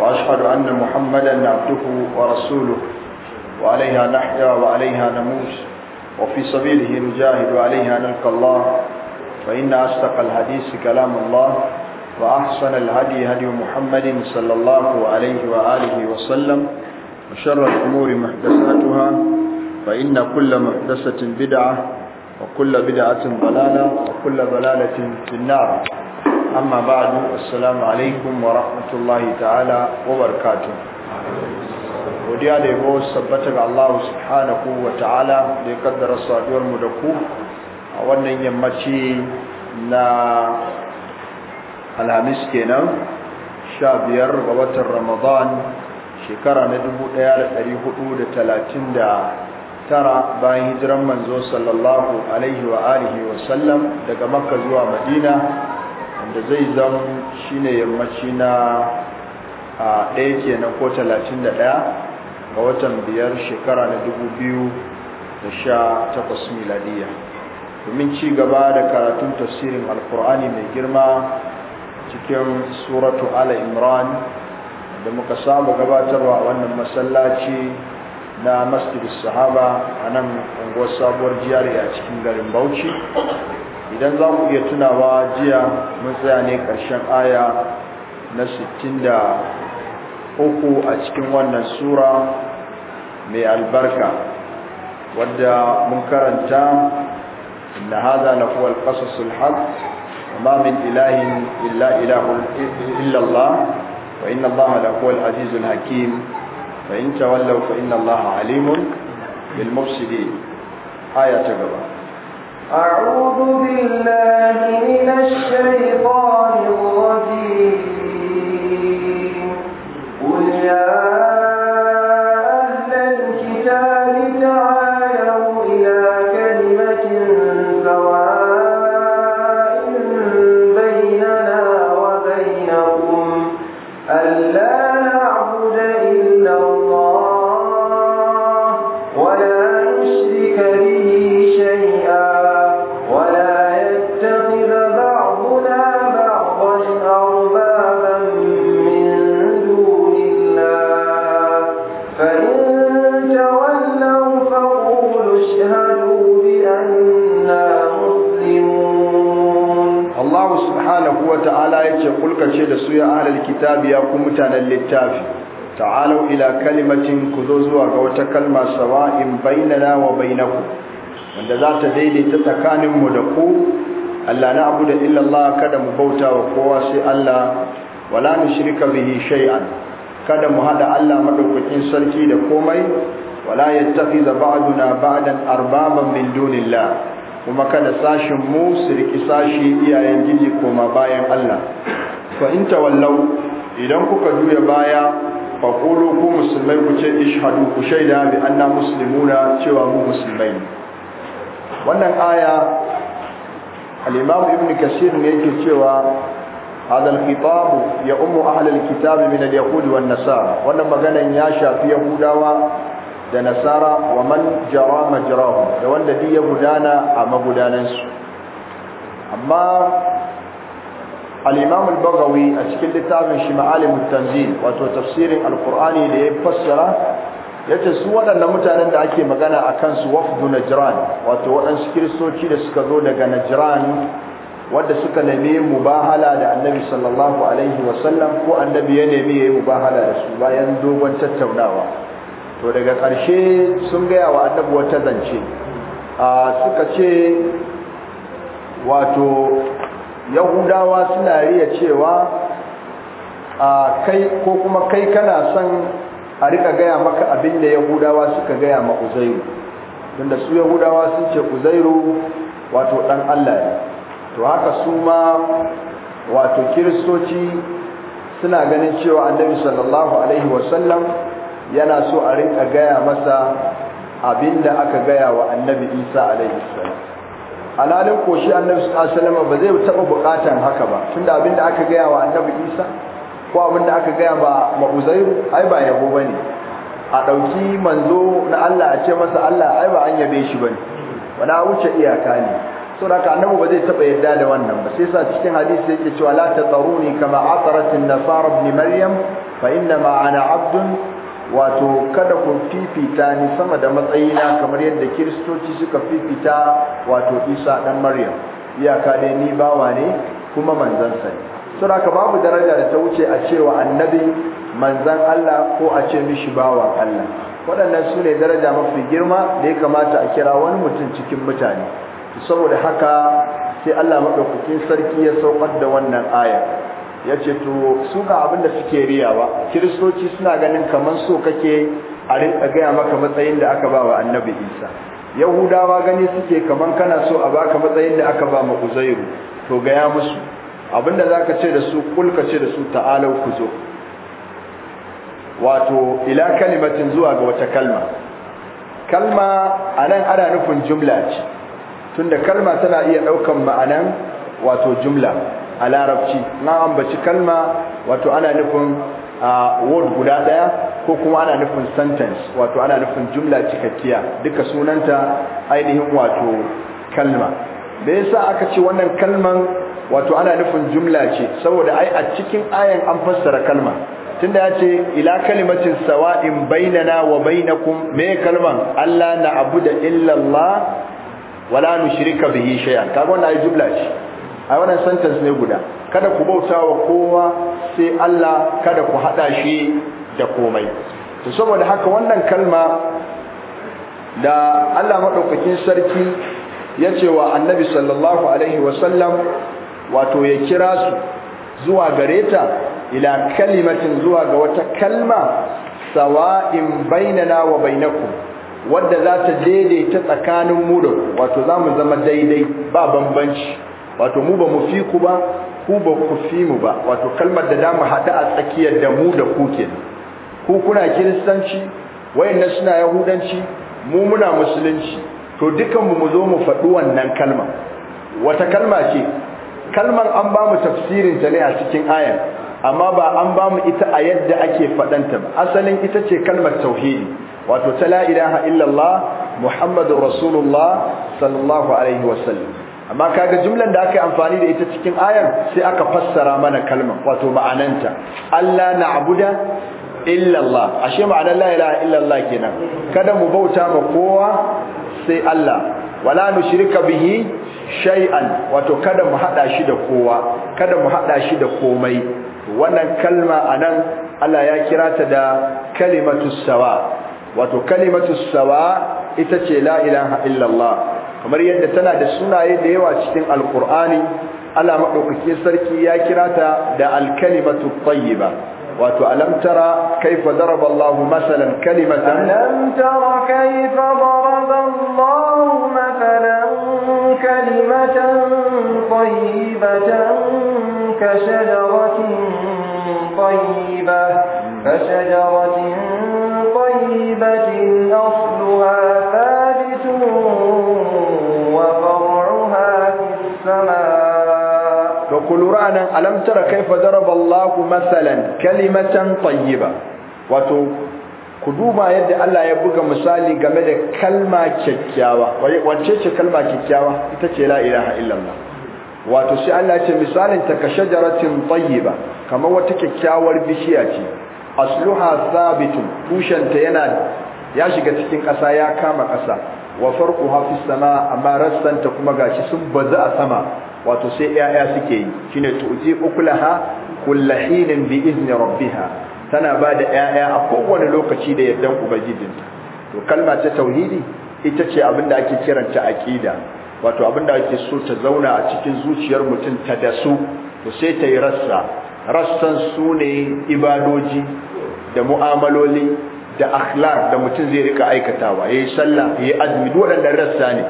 وأشهد أن محمدا عبده ورسوله وعليها نحيا وعليها نموت وفي سبيله نجاهد وعليها نلقى الله فإن أصدق الحديث كلام الله وأحسن الهدي هدي محمد صلى الله عليه وآله وسلم وشر الأمور محدثاتها فإن كل محدثة بدعة وكل بدعة ضلالة وكل ضلالة في النار amma ba'du assalamu alaikum wa rahmatullahi ta'ala wa barakatuh godiya da yabo sabbata ga Allah subhanahu wa ta'ala da ya kaddara saduwar mu da ku a wannan yammaci na alhamis kenan sha biyar ga watan ramadan shekara na dubu ɗaya da hudu da talatin da tara bayan hijiran manzo sallallahu alaihi wa alihi wa sallam daga makka zuwa madina da zai zama shine yammaci na a ɗaya kenan ko talatin da ɗaya ga watan biyar shekara na dubu biyu da sha takwas miladiya domin ci gaba da karatun tasirin alkur'ani mai girma cikin suratu ala imran da muka samu gabatarwa wannan masallaci na masjid sahaba a nan unguwar sabuwar jiyar a cikin garin bauchi idan za ku iya tunawa jiya mun tsaya ne ƙarshen aya na 63 a cikin wannan sura mai albarka wadda mun karanta inna hadha la huwa al-qasas al-haq ma min ilahin illa ilahu illa Allah wa inna Allah la huwa al-aziz hakim fa in fa inna Allah alimun bil mufsidin aya ta gaba الشيطان الرجيم قل يا kitabi ya ku mutanen littafi ta'alau ila kalimatin ku zo zuwa ga wata kalma sawa'in bainana wa bainaku wanda za ta daidaita tsakaninmu da ku Allah na abu da illallah kada mu bauta wa kowa sai Allah wala nushrika bihi shay'an kada mu hada Allah madaukakin sarki da komai wala yattakhidha ba'duna ba'dan arbaban min dunillah kuma kada sashin mu su riki sashi iyayen jiji koma bayan Allah fa in tawallau idan kuka juya baya fa qulu ku musulmai ku ce ishhadu ku shaida bi anna muslimuna cewa mu musulmai wannan aya al-imam ibn kasir ne yake cewa هذا الخطاب يؤم أهل الكتاب من اليهود والنصارى وأن مغنى ياشا في يهودا da nasara wa man jara majrahu da wanda duk ya gudana a su. amma al-imam al al-bagawi a cikin littafin shi ma'alim at-tanzil wato tafsirin al-qur'ani da ya fassara yace su waɗannan mutanen da ake magana a kansu wafdu najran wato waɗansu kiristoci da suka zo daga najran wanda suka nemi mubahala da annabi sallallahu alaihi wasallam ko annabi ya nemi yayi mubahala da su bayan dogon tattaunawa to daga ƙarshe sun gaya wa annabi wata zance a suka ce wato yahudawa suna riya cewa kai ko kuma kai kana son a rika gaya maka abin da yahudawa suka gaya ma uzairu tunda su yahudawa sun ce uzairu wato ɗan allah ne to haka su ma wato kiristoci suna ganin cewa annabi sallallahu alaihi wasallam yana so a rinka gaya masa abin da aka gaya wa annabi isa alaihi salam alalin annabi isa annabi salam ba zai taba bukatan haka ba tunda abin da aka gaya wa annabi isa ko abin da aka gaya ba ma'uzairu ai ba yabo bane a dauki manzo na Allah a ce masa Allah ai ba an yabe shi bane wala wuce iyaka ne so da annabi ba zai taba yarda da wannan ba sai sa cikin hadisi yake cewa la tsaruni kama atarat an-nasara ibn maryam fa inna ma ana abdun wato kada ku fifita ni sama da matsayina kamar yadda kiristoci suka fifita wato isa dan maryam iyaka dai ni bawa ne kuma manzansa ne saboda babu daraja da ta wuce a cewa annabi manzan Allah ko a ce mishi bawa Allah waɗannan su ne daraja mafi girma da ya kamata a kira wani mutum cikin mutane saboda haka sai Allah maɗaukakin sarki ya saukar da wannan ayar. ya ce to su ga abin da suke riyawa kiristoci suna ganin kamar so kake a rinka gaya maka matsayin da aka ba wa annabi isa yahudawa gani suke kamar kana so a baka matsayin da aka ba ma uzairu to gaya musu abin za ka ce da su kulka ce da su ta'alau ku zo wato ila kalimatin zuwa ga wata kalma kalma anan ana nufin jumla ce tunda kalma tana iya daukan ma'anan wato jumla a larabci na ambaci kalma wato ana nufin word guda daya ko kuma ana nufin sentence wato ana nufin jumla cikakkiya duka sunanta ainihin wato kalma da yasa aka ce wannan kalman wato ana nufin jumla ce saboda ai a cikin ayan an fassara kalma tunda ya ce ila kalimatin sawa'in bainana wa bainakum me kalman Allah na abu da illallah wala nushrika bihi shay'an kaga wannan ai jumla ce a wannan sentence ne guda kada ku bauta wa kowa sai Allah kada ku hada shi da komai to saboda haka wannan kalma da Allah madaukakin sarki yace wa annabi sallallahu alaihi wasallam wato ya kira su zuwa gareta, ila kalimatin zuwa ga wata kalma sawa'in bainana wa bainakum wadda za ta daidaita tsakanin mu da wato za mu zama daidai ba bambanci wato mu ba mu fi ku ba ku ba ku fi mu ba wato kalmar da damu hada a tsakiyar da mu da ku ke. ku kuna kiristanci wayannan suna yahudanci mu muna musulunci to dukan mu zo mu faɗi wannan kalma wata kalma ce kalmar an ba mu tafsirin ta ne a cikin ayan amma ba an ba mu ita a yadda ake faɗanta ba asalin ita ce kalmar tauhidi wato ta la ilaha illallah muhammadur rasulullah sallallahu alaihi wasallam amma kaga jumlan da aka yi amfani da ita cikin ayar sai aka fassara mana kalma. wato ma'ananta Allah na illa Allah ashe ma'anar la ilaha illa kenan kada mu bauta ma kowa sai Allah wala nushrika bihi shay'an wato kada mu hada shi da kowa kada mu hada shi da komai wannan kalma anan Allah ya kira ta da kalimatus sawa wato kalimatus sawa ita ce la ilaha illa kamar yadda tana da sunaye da yawa cikin alkur'ani Allah maɗaukake sarki ya kira ta da alkalimatu tayyiba wato alam tara kaifa daraba Allahu masalan kalimatan alam tara kaifa daraba Allahu masalan kalimatan tayyibatan ka shajaratin tayyibah ka shajaratin tayyibatin asluha lura nan alam tara kaifa daraballahu masalan kalimatan tayyiba wato ku duba yadda Allah ya buga misali game da kalma kyakkyawa wacce ce kalma kyakkyawa ita ce la ilaha illallah wato shi Allah ya ce misalin ta ka shajaratin tayyiba kamar wata kyakkyawar bishiya ce asluha thabitun tushenta yana ya shiga cikin ƙasa ya kama ƙasa wa farquha fis sama amma rassanta kuma gashi sun bazu a sama wato sai 'ya'ya suke yi shine tuji ukulaha kullahinin bi izni rabbiha tana ba da ƴaƴa a kowane lokaci da yardan ubangijinta to kalma ta tauhidi ita ce abinda ake kiranta aqida wato abinda ake so ta zauna a cikin zuciyar mutum ta dasu to sai ta yi rassa rassan su ne ibadoji da mu'amaloli da akhlaq da mutum zai rika aikatawa yayi sallah yayi azumi waɗannan rassa ne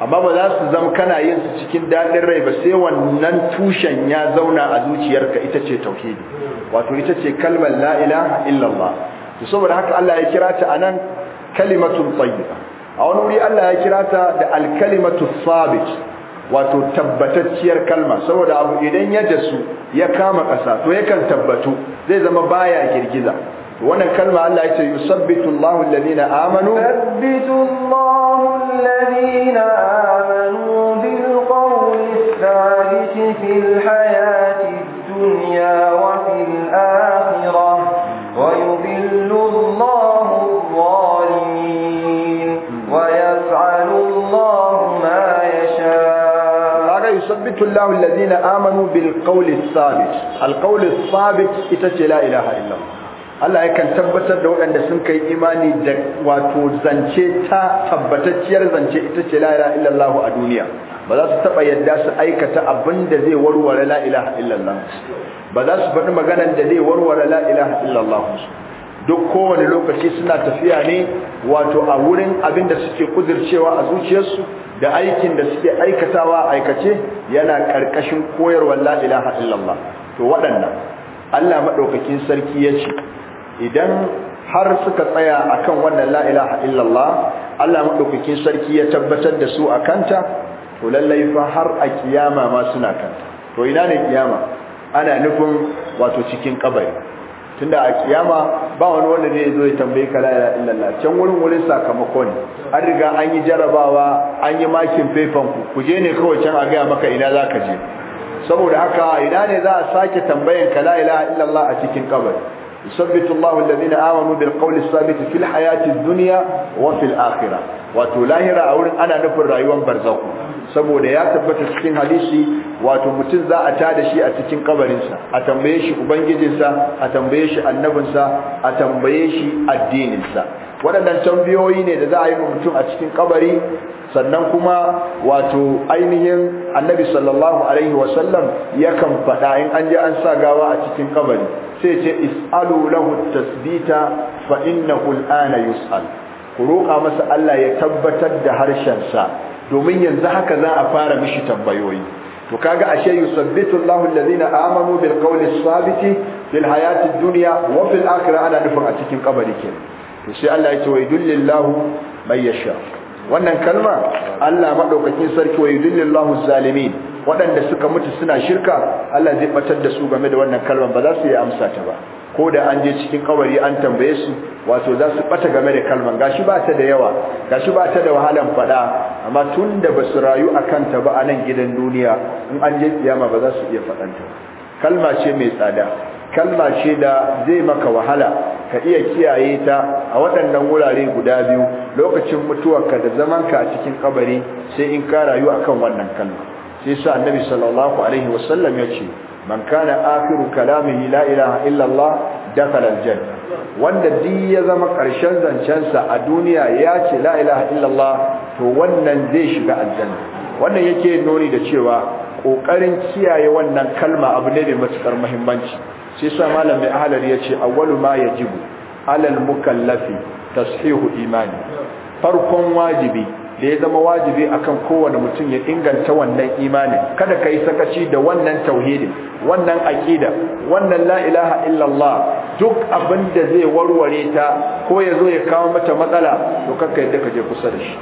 amma ba za su zama kana yin su cikin daɗin rai ba sai wannan tushen ya zauna a zuciyarka ita ce tauhidi wato ita ce kalmar la ilaha illallah to saboda haka Allah ya kira ta anan kalimatun tayyiba a wani wuri Allah ya kira ta da alkalimatu sabit wato tabbatacciyar kalma saboda abu idan ya jasu ya kama ƙasa to yakan tabbatu zai zama baya girgiza wannan kalma Allah ya ce yusabbitu Allahu alladhina amanu yusabbitu Allahu alladhina amanu bil qawli thabit fil hayati dunya wa fil akhirah wa yudhillu Allahu adh-dhalimin wa yaf'alu Allahu ma yasha aga yusabbitu Allahu alladhina amanu bil qawli thabit al qawli thabit ita ce la ilaha illallah Allah ya kan tabbatar da waɗanda sun kai imani da wato zance ta tabbatacciyar zance ita ce la ilaha illallah a duniya ba za su taɓa yadda su aikata abin da zai warware la ilaha illallah ba za su faɗi maganar da zai warware la ilaha illallah duk kowane lokaci suna tafiya ne wato a wurin abin da suke kudircewa a zuciyarsu da aikin da suke aikatawa aikace yana ƙarƙashin koyarwar la ilaha illallah to waɗannan Allah madaukakin sarki yace idan har suka tsaya akan wannan la ilaha illallah Allah madaukakin sarki ya tabbatar da su akanta to lallai fa har a kiyama ma suna kanta to ina ne kiyama ana nufin wato cikin kabari tunda a kiyama ba wani wanda zai zo ya tambaye ka la ilaha illallah can wurin wurin sakamako ne an riga an yi jarabawa an yi makin fefan ku kuje ne kawai can a gaya maka ina zaka je saboda haka ina ne za a sake tambayan ka la ilaha illallah a cikin kabari يثبت الله الذين آمنوا بالقول الثابت duniya الحياة الدنيا Wato lahira a wurin ana nufin rayuwar برزق saboda ya tabbata cikin hadisi wato mutum za a tada shi a cikin kabarinsa a tambaye shi ubangijinsa a tambaye shi annabinsa a tambaye shi addininsa waɗannan tambiyoyi ne da za a yi wa mutum a cikin kabari sannan kuma wato ainihin annabi sallallahu alaihi wasallam yakan faɗa in an je an sa gawa a cikin ƙabari. sai ce is'alu lahu tasbita fa innahu al'ana yus'al ku roƙa masa Allah ya tabbatar da harshen sa domin yanzu haka za a fara mishi tambayoyi to kaga ashe yusabbitu Allahu alladhina amanu bil qawli sabiti fil hayati dunya wa fil akhirah ana nufin a cikin kabari ke to sai Allah ya ce wa yudillillahu man yasha wannan kalma Allah madaukakin sarki wa yudillillahu zalimin waɗanda suka mutu suna shirka Allah zai batar da su game da wannan kalman ba za su yi amsa ta ba ko da an je cikin kawari an tambaye su wato za su bata game da kalman gashi ba ta da yawa gashi ba ta da wahalan fada amma tunda ba su rayu akan ta ba a nan gidan duniya in an je kiyama ba za su iya ta. kalma ce mai tsada kalma ce da zai maka wahala ka iya kiyaye ta a waɗannan wurare guda biyu lokacin mutuwarka da zamanka a cikin kabari sai in ka rayu kan wannan kalma sai sa annabi sallallahu alaihi wasallam ya ce man kana akhiru kalamihi la ilaha illa aljanna wanda di ya zama ƙarshen zancensa a duniya ya ce la ilaha to wannan zai shiga aljanna wannan yake nuni da cewa kokarin kiyaye wannan kalma abu ne mai matukar muhimmanci sai sa malam mai ahlar yace awwalu ma yajibu alal mukallafi tashihu imani farkon wajibi da ya zama wajibi akan kowane mutum ya inganta wannan imani kada ka yi sakaci da wannan tauhidin wannan aqida wannan la ilaha illallah duk abin da zai warware ta ko ya zo ya kawo mata matsala to kakkai da ka je kusa da shi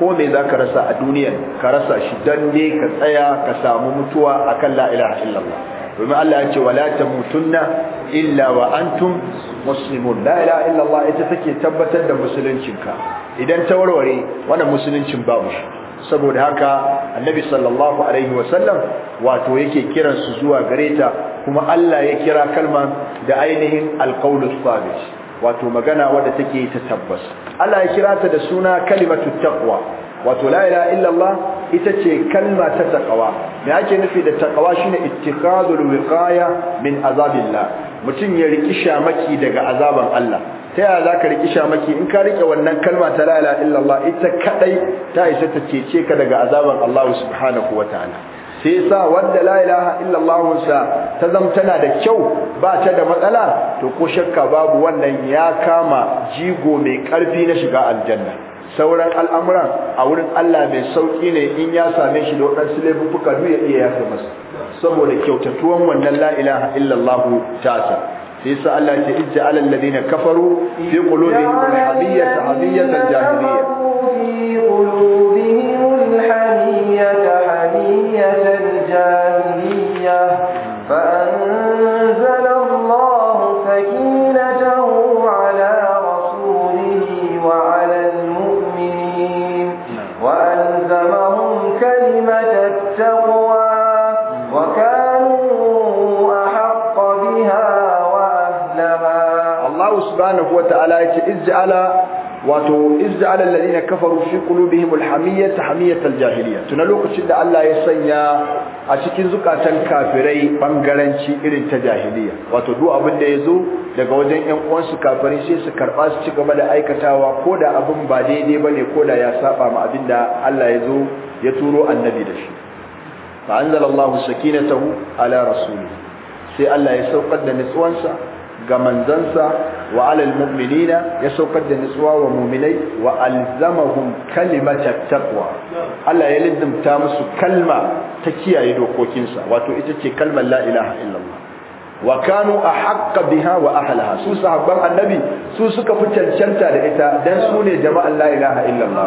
ko me za ka rasa a duniyan ka rasa shi don ne ka tsaya ka samu mutuwa a kan la'ilaha illallah domin Allah ya ce wala ta mutunna illa wa antum muslimun la'ilaha illallah ita take tabbatar da musuluncinka idan ta warware wani musuluncin babu shi saboda haka annabi sallallahu alaihi wasallam wato yake kiran su zuwa gareta kuma Allah ya kira kalman da ainihin alqaulus sabit wato magana wadda take ta tabbas Allah ya kira ta da suna kalimatu taqwa wato la ilaha illallah ita ce kalma ta taqwa me ake nufi da taqwa shine ittikadul wiqaya min azabillah mutum ya riki shamaki daga azaban Allah ta yaya zaka riki shamaki in ka rike wannan kalma ta la ilaha illallah ita kadai ta isa ta cece ka daga azaban Allah subhanahu wataala sai sa wanda la ilaha illallah sa ta zama tana da kyau ba ta da matsala to ko shakka babu wannan ya kama jigo mai karfi na shiga aljanna sauran al'amuran a wurin Allah mai sauki ne in ya same shi da waɗansu laifuffuka duk ya iya yafe masa saboda kyautatuwan wannan la ilaha illallah ta. sai sa Allah ya ijja alal ladina kafaru fi qulubihim al-hamiyyah hamiyyah al-jahiliyyah الجاهلية فأنزل الله سكينته على رسوله وعلى المؤمنين وألزمهم كلمة التقوى وكانوا أحق بها وأهلها الله سبحانه وتعالى إذ على wato izda alal ladina kafaru fi qulubihim alhamiyyah hamiyyat aljahiliyyah tuna lokacin da Allah ya sanya a cikin zukatan kafirai bangaranci irin ta jahiliya wato duk abin da yazo daga wajen ƴan uwansu kafirai sai su karba su ci gaba da aikatawa ko da abin ba daidai bane ko da ya saba ma abin da Allah yazo ya turo annabi da shi fa anzalallahu sakinatahu ala rasuli sai Allah ya saukar da nutsuwansa ga manzansa wa alal mu'minina ya saukar da nutsuwa wa mu'minai wa alzamahum kalimatat taqwa Allah ya lizzumta musu kalma ta kiyaye dokokinsa wato ita ce kalmar la ilaha illallah wa kanu ahqqa biha wa ahliha su sahabban annabi su suka fi cancanta da ita dan su ne jama'an la ilaha illallah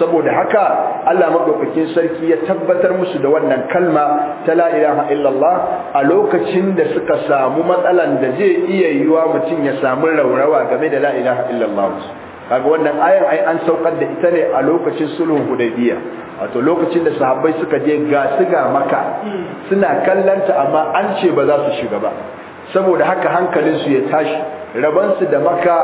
saboda haka Allah madaukakin sarki ya tabbatar musu da wannan kalma ta la illallah a lokacin da suka samu matsalan da zai iya yiwuwa mutum ya samu raurawa game da la ilaha illallah kaga wannan ayan ai an saukar da ita ne a lokacin sulhun hudaybiya wato lokacin da sahabbai suka je ga ga maka suna kallanta amma an ce ba za su shiga ba saboda haka su ya tashi rabansu da maka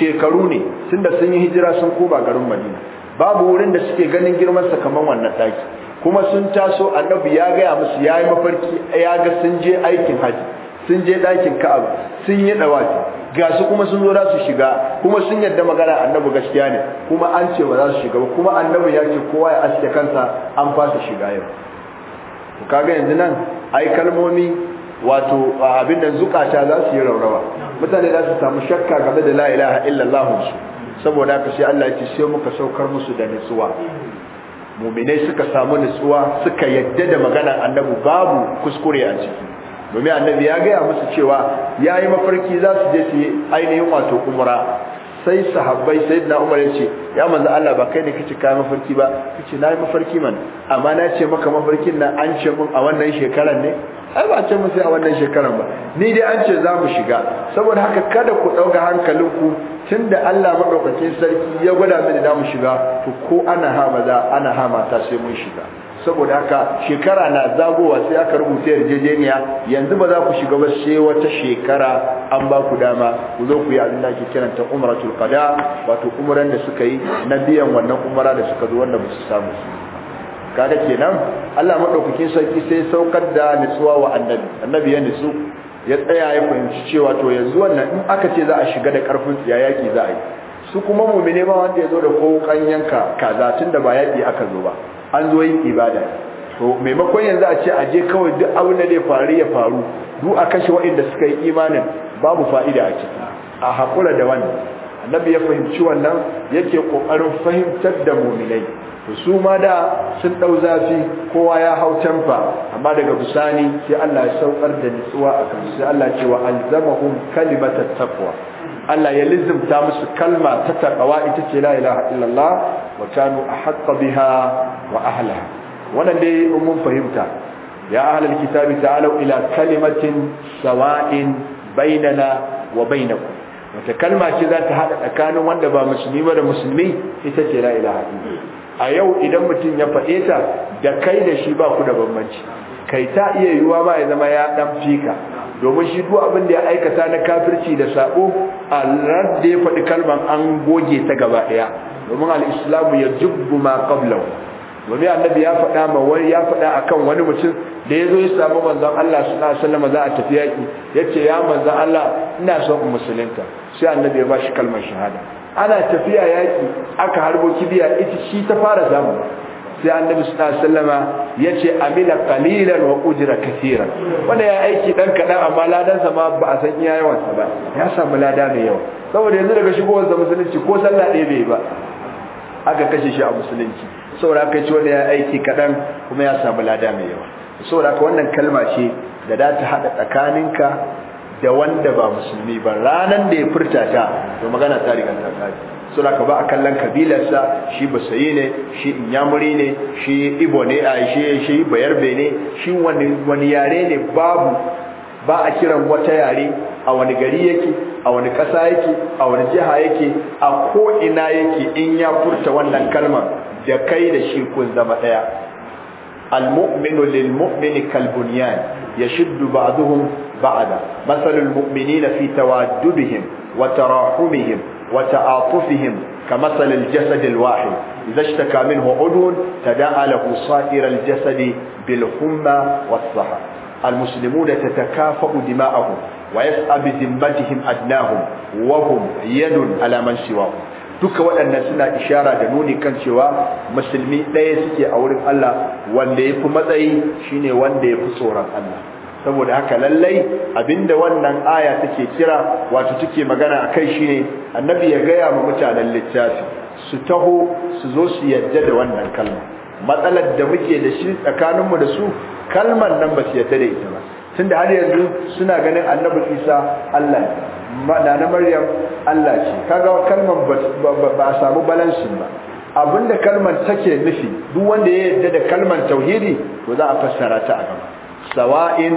shekaru ne tunda sun yi hijira sun koma garin madina babu wurin da suke ganin girman sa kaman wannan daki kuma sun taso annabi ya gaya musu yayi mafarki ya ga sun je aikin haji sun je dakin ka'aba sun yi dawati ga su kuma sun zo za su shiga kuma sun yadda magana annabi gaskiya ne kuma an ce ba za su shiga ba kuma annabi ya ce kowa ya aske kansa an fasa shiga yau kaga yanzu nan ai kalmomi wato abin da zukata za su yi raurawa mutane za su samu shakka game da la ilaha illallah su saboda ka sai Allah ya ce sai muka saukar musu da nutsuwa muminai suka samu nutsuwa suka yadda da maganar annabi babu kuskure a ciki domin annabi ya gaya musu cewa yayi mafarki za su je su yi ainihin wato umra sai sahabbai sai na umar ya ce ya manzo Allah ba kai ne kace ka mafarki ba kace na mafarki man amma na ce maka mafarkin nan an ce mun a wannan shekaran ne ai ba ce mun sai a wannan shekaran ba ni dai an ce za mu shiga saboda haka kada ku ɗauka hankalinku tunda Allah madaukakin sarki ya gwada mini da mu shiga to ko ana ha maza ana ha mata sai mun shiga saboda haka shekara na zagowa sai aka rubuta yarjejeniya yanzu ba za ku shiga ba sai wata shekara an ba ku dama ku zo ku yi abin da ake kiran ta umratul qada wato umran da suka yi na biyan wannan umara da suka zo wanda ba su samu kaga kenan Allah madaukakin sarki sai saukar da nutsuwa wa annabi annabi ya nutsu ya tsaya ya fahimci cewa to yanzu wannan in aka ce za a shiga da karfin yaki za a yi su kuma mumine ba wanda ya zo da kokan yanka kaza tun da ba yaki aka zo ba an zo yin ibada to maimakon yanzu a ce a je kawai duk abin da zai faru ya faru duk a kashe waɗanda suka yi imanin babu fa'ida a ciki a haƙura da wannan annabi ya fahimci wannan yake ƙoƙarin fahimtar da muminai to su ma da sun ɗau zafi kowa ya hau canfa amma daga bisani sai Allah ya saukar da nutsuwa a kan sai Allah cewa alzamahum kalimatat taqwa Allah ya lizimta musu kalma ta taqwa ita ce la ilaha illallah wa kanu ahqqa biha wa ahliha wannan dai in mun fahimta ya ahlal kitabi ta'alu ila kalimatin sawa'in bainana wa bainakum wata kalma ce za ta hada tsakanin wanda ba musulmi ba da musulmi ita ce la ilaha a yau idan mutum ya faɗita ta da kai da shi ba ku da bambanci kai ta iya yiwuwa ba ya zama ya dan fika domin shi duk abin da ya aikata na kafirci da sabo a da ya faɗi kalman an goge ta gaba ɗaya domin al-islamu ya jubbu ma qablahu domin annabi ya faɗa ma wani ya faɗa akan wani mutum da ya zo ya samu manzon Allah sallallahu alaihi wasallam za a tafi yaki yace ya manzon Allah ina son in musulunta sai annabi ya bashi kalmar shahada ana tafiya yaki aka harbo kibiya ita shi ta fara zamu sai annabi sallallahu alaihi wasallam yace amila qalilan wa ujra kaseeran wanda ya aiki dan kadan amma ladan sa ma ba a san iya yawan sa ba ya samu lada mai yawa saboda yanzu daga shigowar sa musulunci ko sallah ɗaya bai ba aka kashe shi a musulunci saboda haka ci wanda ya aiki kadan kuma ya samu lada mai yawa saboda haka wannan kalma ce da za ta hada tsakaninka da wanda ba musulmi ba ranar da ya furta ta to magana ta riga ta kare saboda ka ba a kallon kabilarsa shi basayi ne shi inyamuri ne shi ibo ne a shi shi bai ne shi wani wani yare ne babu ba a kiran wata yare a wani gari yake a wani ƙasa yake a wani jiha yake a ko ina yake in ya furta wannan kalmar ya kai da shi kun zama daya al-mu'minu lil mu'mini kal bunyan yashuddu ba'dhum ba'da masalul mu'minina fi tawaddudihim wa tarahumihim wa ta'atufihim al-jasad كمثل الجسد الواحد إذا اشتكى منه عضو تداعى له سائر الجسد بالحمى tatakafa'u المسلمون wa yas'abu ويسعى adnahum wa hum yadun ala man سواهم duka waɗannan suna ishara da nuni kan cewa musulmi ɗaya suke a wurin Allah wanda ya fi matsayi shine wanda ya fi tsoron Allah saboda haka lallai abinda wannan aya take kira wato take magana a akai shine annabi ya gaya ma mutanen littafi su taho su zo su yarda da wannan kalma matsalar da muke da shi tsakaninmu da su kalmar nan ba su yarda da ita ba Tun tunda har yanzu suna ganin annabi isa allah na na maryam allah ce kaga kalmar ba a samu balansin ba abinda kalmar take nufi duk wanda ya yarda da kalmar tauhidi to za a fassara ta a gaba sawa'in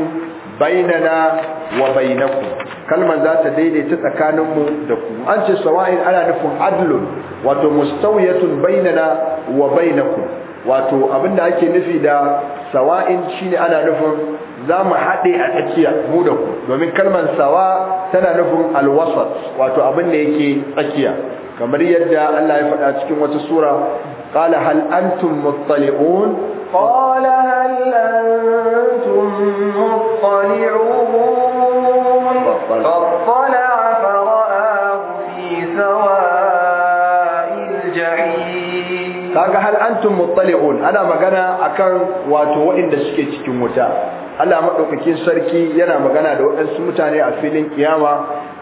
bainana wa bainakum kalmar za ta daidaita tsakaninmu da ku an ce sawa'in ana nufin adlun wato mustawiyatun bainana wa bainakum wato abinda ake nufi da sawa'in shine ana nufin za mu haɗe a tsakiya mu da ku domin kalmar sawa tana nufin alwasat wato abin da yake tsakiya kamar yadda Allah ya faɗa cikin wata sura qala hal antum muttali'un qala hal antum muttali'un fattala kaga hal antum muttali'un ana magana akan wato waɗanda suke cikin wuta Allah maɗaukakin sarki yana magana da waɗansu mutane a filin kiyama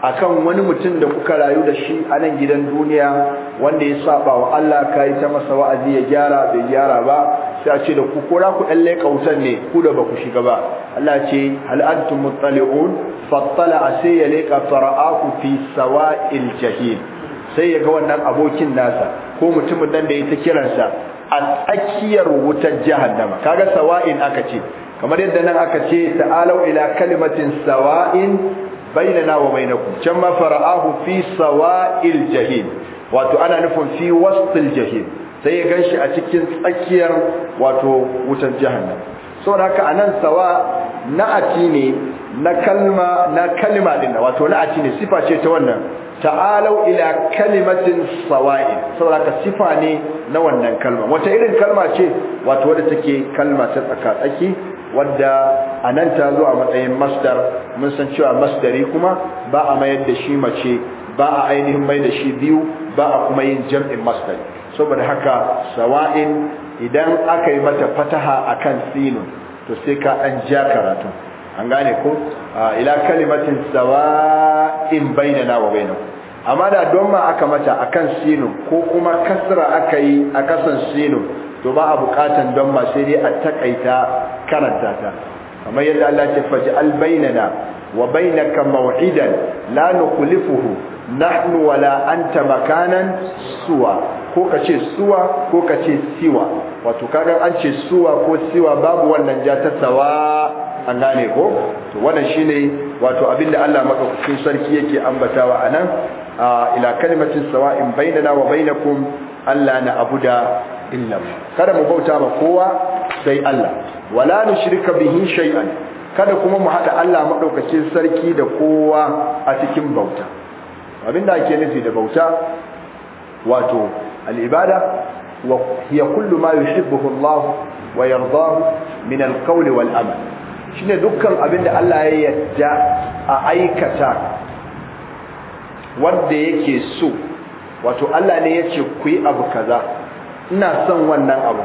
akan wani mutum da kuka rayu da shi a nan gidan duniya wanda ya saba wa Allah ka ta masa wa'azi ya gyara bai gyara ba sai a ce da ku kora ku ɗan wutan ne ku da ba ku shiga ba Allah ce hal antum muttali'un fattala sai ya leka fara'aku fi sawa'il jahim sai ya ga wannan abokin nasa ko mutumin nan da ya ta kiransa a tsakiyar wutar jahannama kaga sawa'in aka ce kamar yadda nan aka ce ta'alau ila kalimatin sawa'in bainana wa bainakum can ma fara'ahu fi sawa'il jahim wato ana nufin fi wastil jahim sai ya ganshi a cikin tsakiyar wato wutar jahannam saboda haka anan sawa na'ati ne na kalma na kalma din wato na'ati ne sifa ce ta wannan ta'alau ila kalimatin sawa'in saboda haka sifa ne na wannan kalma wata irin kalma ce wato wadda take kalma ta tsaka tsaki wadda a nan ta zo a matsayin masdar mun san cewa masdari kuma ba a mayar da shi mace ba a ainihin mai da shi biyu ba a kuma yin jam'in masdar saboda haka sawa'in idan aka yi mata fataha a kan sinun to sai ka an ja karatu an gane ko ila kalimatin sawa'in bainana wa bainakum amma da don ma aka mata akan sinu ko kuma kasra aka yi a kasan sinu to ba a bukatan don ma sai dai a takaita karanta ta kamar yadda Allah ce faji albainana wa bainaka maw'idan la nukhlifuhu nahnu wala anta makanan suwa ko kace suwa ko kace siwa wato kaga an ce suwa ko siwa babu wannan ja ta sawa an gane ko to wannan shine wato abinda Allah kusin sarki yake ambatawa anan ila kalimatin sawa'in bainana wa bainakum alla na'budu illa kada mu bauta ba kowa sai Allah wala nushrika bihi shay'an kada kuma mu hada Allah madaukakin sarki da kowa a cikin bauta abinda ake nufi da bauta wato al'ibada, ibada wa hiya kullu ma yuhibbuhu Allah wa yardahu min al-qawl wal amal shine dukkan abinda Allah ya yarda a aikata wanda yake so wato Allah ne ya ce ku yi abu kaza ina son wannan abu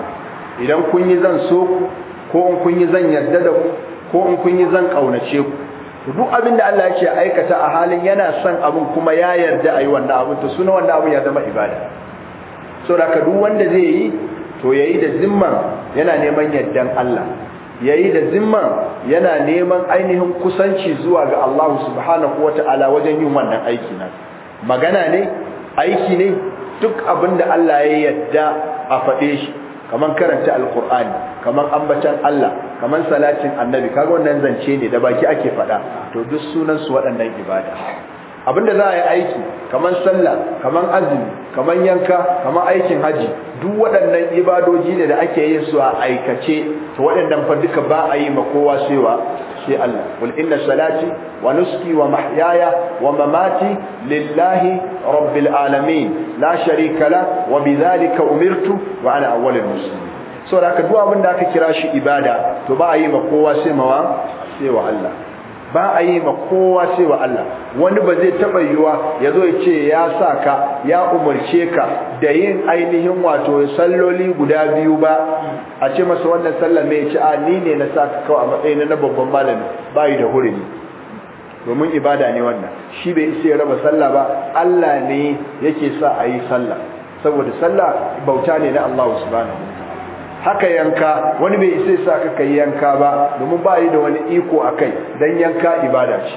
idan kun yi zan so ko in kun yi zan yarda da ku ko in kun yi zan kaunace ku duk abin da Allah yake aikata a halin yana son abin kuma ya yarda a yi wannan abu to suna wannan abu ya zama ibada saboda ka duk wanda zai yi to yayi da zimman yana neman yardan Allah yayi da zimma yana neman ainihin kusanci zuwa ga Allah subhanahu ta'ala wajen yin wannan aiki na magana ne aiki ne duk abin da Allah ya yadda a faɗe shi kamar karanta alqur'ani kamar ambatan Allah kamar salatin annabi kaga wannan zance ne da baki ake faɗa to duk sunansu waɗannan ibada abinda za a yi aiki kamar sallah kamar azumi kamar yanka kamar aikin haji duk waɗannan ibadoji ne da ake yin su a aikace to waɗannan fa duka ba a yi ma kowa sewa sai Allah kul inna salati wa nuski wa mahyaya wa mamati lillahi rabbil alamin la sharika la wa bidhalika umirtu wa ana awwalul muslimin saboda haka duk abin da aka kira shi ibada to ba a yi ma kowa sai mawa sai wa Allah ba a yi ma kowa sai Allah wani ba zai taba yiwa ya zo ya ce ya sa ka ya umarce ka da yin ainihin wato salloli guda biyu ba a ce masa wannan sallah mai ci a ni ne na sa ka kawai a matsayin na babban malami Ba yi da hurumi domin ibada ne wannan shi bai isa ya raba sallah ba Allah ne yake sa a yi sallah saboda sallah bauta ne na Allah subhanahu haka yanka wani bai isa sa ka kai yanka ba domin ba yi da wani iko a kai don yanka ibada ce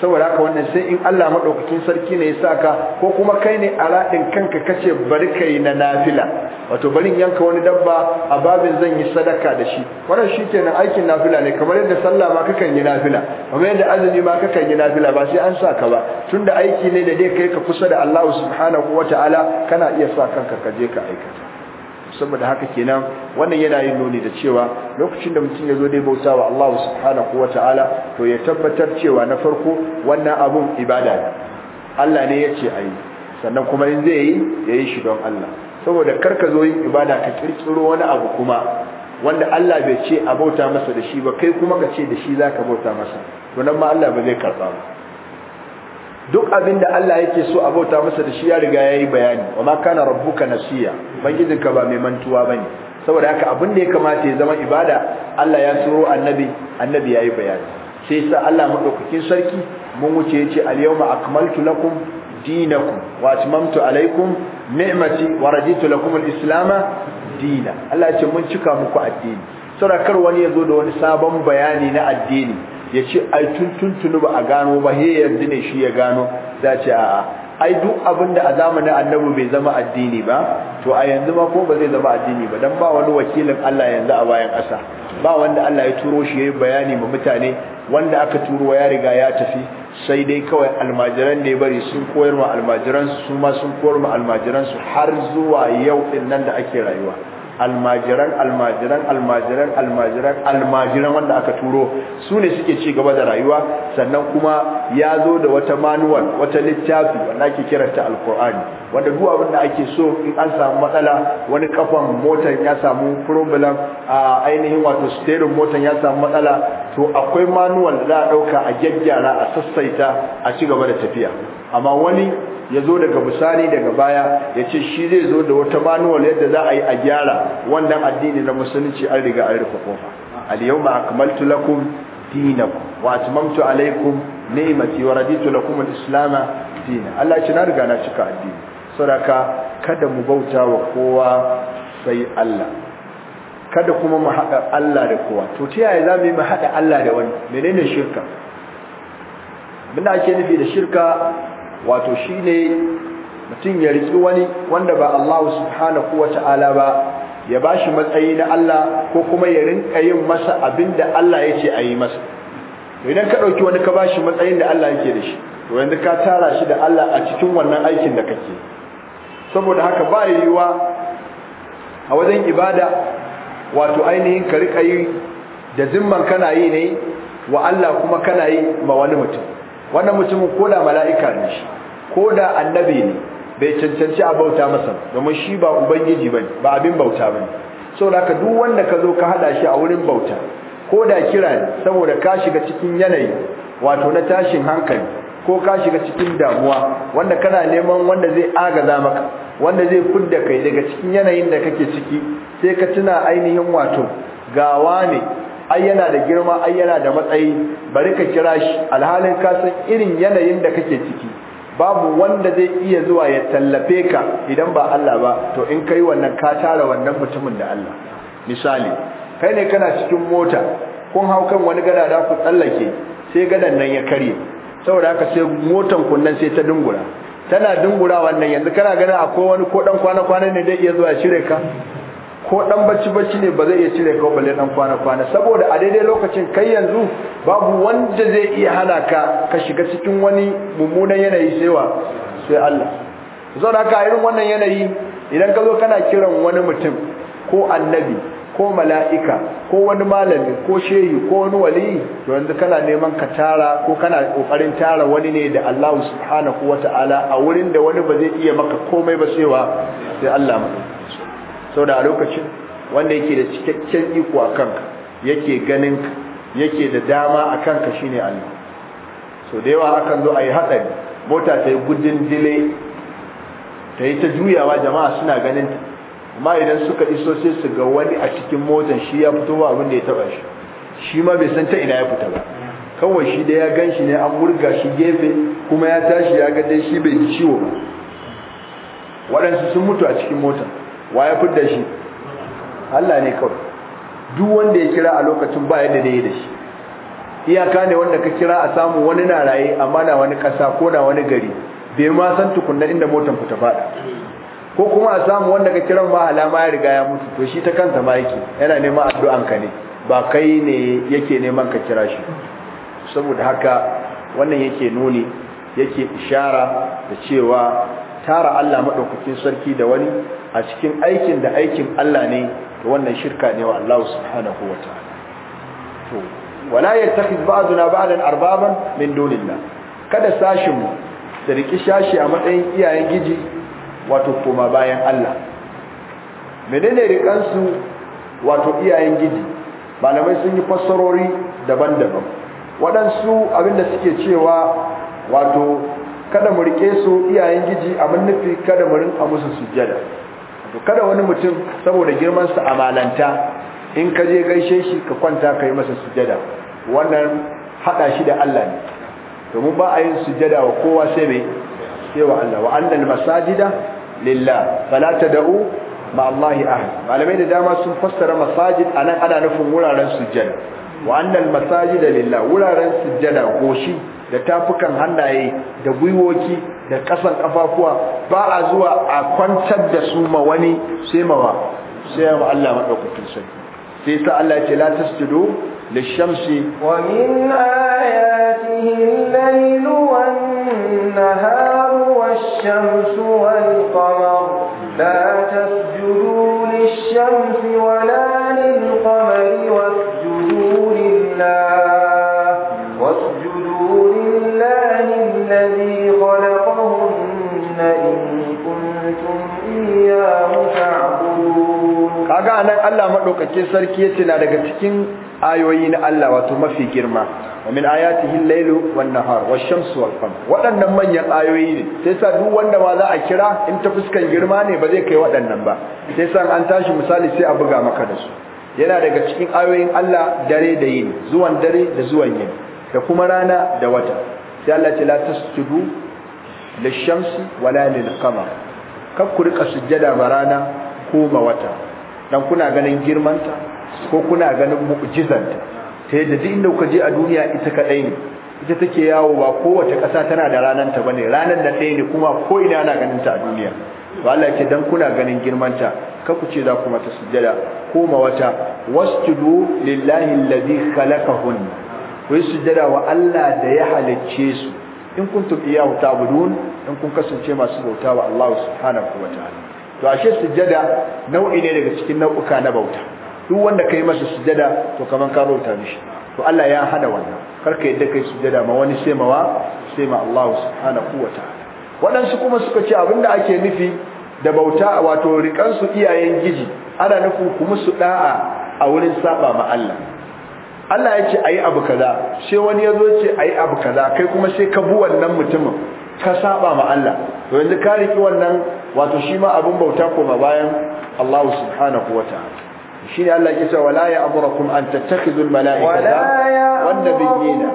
saboda haka wannan sai in Allah maɗaukakin sarki ne ya sa ka ko kuma kai ne a raɗin kanka kace bari ka na nafila wato barin yanka wani dabba a babin zan yi sadaka da shi wannan shi kenan aikin nafila ne kamar yadda sallah ma kakan yi nafila kamar yadda azumi ma kakan yi nafila ba sai an sa ka ba tunda aiki ne da dai kai ka kusa da Allah subhanahu wataala kana iya sa kanka ka je ka aikata saboda haka kenan wannan yana yin nuni da cewa lokacin da mutum ya zo dai bauta wa Allah subhanahu wa ta'ala to ya tabbatar cewa na farko wannan abun ibada ne Allah ne ya ce a sannan kuma in zai yi ya yi shi don Allah saboda kar ka zo yin ibada ka kirkiro wani abu kuma wanda Allah bai ce a bauta masa da shi ba kai kuma ka ce da shi zaka bauta masa to nan ma Allah ba zai karɓa ba duk abin da Allah yake so a bauta masa da shi ya riga yayi bayani wa ma kana rabbuka nasiya ka ba mai mantuwa bane saboda haka abin da ya kamata ya zama ibada Allah ya turo annabi annabi yi bayani sai sa Allah madaukakin sarki mun wuce yace al-yawma akmaltu lakum dinakum wa atmamtu alaykum ni'mati wa raditu lakum al islamu dina Allah ya ce mun cika muku addini saboda kar wani ya zo da wani sabon bayani na addini ya ce ai tuntuntunu ba a gano ba he yanzu ne shi ya gano za ce a ai duk abin da a zamanin annabi bai zama addini ba to a yanzu ma ko ba zai zama addini ba dan ba wani wakilin Allah yanzu a bayan ƙasa ba wanda Allah ya turo shi ya yi bayani ma mutane wanda aka turo ya riga ya tafi sai dai kawai almajiran ne bari sun koyar ma almajiran su ma sun koyar ma almajiransu har zuwa yau din nan da ake rayuwa almajiran almajiran almajiran almajiran almajiran wanda aka turo su ne suke ci gaba da rayuwa sannan kuma ya zo da wata manual wata littafi wanda ake kiranta alkur'ani wanda duk abin da ake so in an samu matsala wani kafan motar ya samu problem a ainihin wato steering motar ya samu matsala to akwai manual da za a dauka a gyaggyara a sassaita a ci gaba da tafiya amma wani ya zo daga musani daga baya ya ce shi zai zo da wata manuwal yadda za a yi a gyara wannan addini na musulunci an riga an rufe kofa al yawma akmaltu lakum Dinan wa atmamtu alaikum ni'mati wa raditu lakum al-islam dina Allah shi na riga na cika addini saraka kada mu bauta wa kowa sai Allah kada kuma mu haɗa Allah da kowa to ta yaya zamu yi mu haɗa Allah da wani menene shirka abinda ake nufi da shirka wato shine mutum ya riki wani wanda ba Allah subhanahu ta'ala ba ya ba shi matsayi na Allah ko kuma ya rinka yin masa abin da Allah ya ce a yi masa idan ka ɗauki wani ka ba shi matsayin da Allah yake da shi to yanzu ka tara shi da Allah a cikin wannan aikin da kake saboda haka ba yiwuwa a wajen ibada wato ainihin ka riƙa yi da zimman kana yi ne wa Allah kuma kana yi ma wani mutum wannan mutumin ko da mala'ika ne shi ko da annabi ne bai cancanci a bauta masa domin shi ba ubangiji bane ba abin bauta bane saboda ka duk wanda ka zo ka hada shi a wurin bauta ko da kira ne saboda ka shiga cikin yanayi wato na tashin hankali ko ka shiga cikin damuwa wanda kana neman wanda zai agaza maka wanda zai fidda kai daga cikin yanayin da kake ciki sai ka tuna ainihin wato gawa ne ai yana da girma ai yana da matsayi bari ka kira shi alhalin ka san irin yanayin da kake ciki babu wanda zai iya zuwa ya tallafe ka idan ba Allah ba to in kai wannan ka tara wannan mutumin da Allah misali kai ne kana cikin mota kun hau kan wani gada da ku tsallake sai gadan nan ya karye saboda haka sai motan kun nan sai ta dungura tana dungura wannan yanzu kana ganin akwai wani ko dan kwana kwana ne zai iya zuwa shire ka ko dan bacci bacci ne ba zai iya cire ka balle dan kwana kwana saboda a daidai lokacin kai yanzu babu wanda zai iya hana ka ka shiga cikin wani mummunan yanayi sai wa sai Allah zauna ka irin wannan yanayi idan ka zo kana kiran wani mutum ko annabi ko mala'ika ko wani malami ko shehi ko wani wali, to yanzu kana neman ka tara ko kana kokarin tara wani ne da Allah subhanahu wataala a wurin da wani ba zai iya maka komai ba sai wa sai Allah ma. saboda a lokacin wanda yake da cikakken iko a kanka yake ganin yake da dama a kanka shine Allah so da yawa akan zo a yi haɗari mota ta yi gudun dile ta yi ta juyawa jama'a suna ganin ta amma idan suka iso sai su ga wani a cikin motar shi ya fito ba abin da ya taɓa shi shi ma bai san ta ina ya fita ba kawai shi da ya gan ne an wurga shi gefe kuma ya tashi ya ga dai shi bai ji ciwo ba waɗansu sun mutu a cikin mota. wa ya fidda shi Allah ne kawai duk wanda ya kira a lokacin ba yadda da shi iyaka ne wanda ka kira a samu wani na raye amma na wani ƙasa ko na wani gari bai ma san tukunna inda motan ku ta fada ko kuma a samu wanda ka kiran ma alama ya riga ya mutu to shi ta kanta ma yake yana neman addu'an ka ne ba kai ne yake neman ka kira shi saboda haka wannan yake nuni yake ishara da cewa tara Allah madaukakin sarki da wani a cikin aikin da aikin Allah ne to wannan shirka ne wa Allah subhanahu wa ta'ala to wala yattakhid ba'duna ba'dan arbaban min dunillah kada sashin mu da riki shashi a matsayin iyayen giji wato kuma bayan Allah menene rikan su wato iyayen giji malamai sun yi fassarori daban-daban waɗansu abinda suke cewa wato kada mu rike su iyayen giji abin nufi kada mu rinka musu sujjada to kada wani mutum saboda girman sa amalanta in ka je gaishe shi ka kwanta kai masa sujada wannan hada shi da Allah ne mu ba a yin sujada wa kowa sai me sai wa Allah wa annal masajida lillah fala tad'u ma Allah ahad malamai da dama sun fassara masajid anan ana nufin wuraren sujada wa annal masajida lillah wuraren sujada goshi da tafukan hannaye da gwiwoki da ƙasan ƙafafuwa ba a zuwa a kwantar da su ma wani sai mawa sai ma Allah madaukakin sarki sai sa Allah ce la tasjudu lishamsi wa min ayatihi al-layl nahar shamsu wal-qamar la tasjudu lish wa la lil-qamar Allah maɗaukakin sarki yace na daga cikin ayoyi na Allah wato mafi girma min ayatihi al-lailu wan-nahar shamsu wal-qamar waɗannan manyan ayoyi ne sai sa duk wanda ma za a kira in ta fuskan girma ne ba zai kai waɗannan ba sai san an tashi misali sai a buga maka da su yana daga cikin ayoyin Allah dare da yini zuwan dare da zuwan yini da kuma rana da wata sai Allah ce la tasjudu lish-shamsi wala lil-qamar kakku rika sujjada ma rana ko ma wata dan kuna ganin girmanta ko kuna ganin mu'jizanta ta yadda duk inda kuka je a duniya ita kadai ne ita take yawo ba kowace kasa tana da ranar ta bane ranar da ɗaya ne kuma ko ina ana ganin ta a duniya to Allah yake dan kuna ganin girmanta ka ku ce za ku mata sujjada ko ma wata wasjudu lillahi alladhi khalaqahun ku sujjada wa Allah da ya halicce su in kuntum iyyahu ta'budun in kun kasance masu bauta wa Allah subhanahu wa ta'ala to ashe sujjada nau'i ne daga cikin nau'uka na bauta duk wanda kai masa sujjada to kaman ka bauta mishi to Allah ya hada wannan karka yadda kai sujjada ma wani sai mawa sai ma Allah subhanahu wa ta'ala waɗansu kuma suka ce abinda ake nufi da bauta wato rikan su iyayen giji ana nufin ku musu da'a a wurin saba ma Allah Allah ya ce ayi abu kaza sai wani yazo ce ayi abu kaza kai kuma sai ka bu wannan mutumin ka saba ma Allah to yanzu ka riki wannan wato shi ma abin bauta koma bayan Allah subhanahu wa ta'ala shi ne Allah ya ce wala ya amurakum an tattakhidul mala'ikata wanda bigina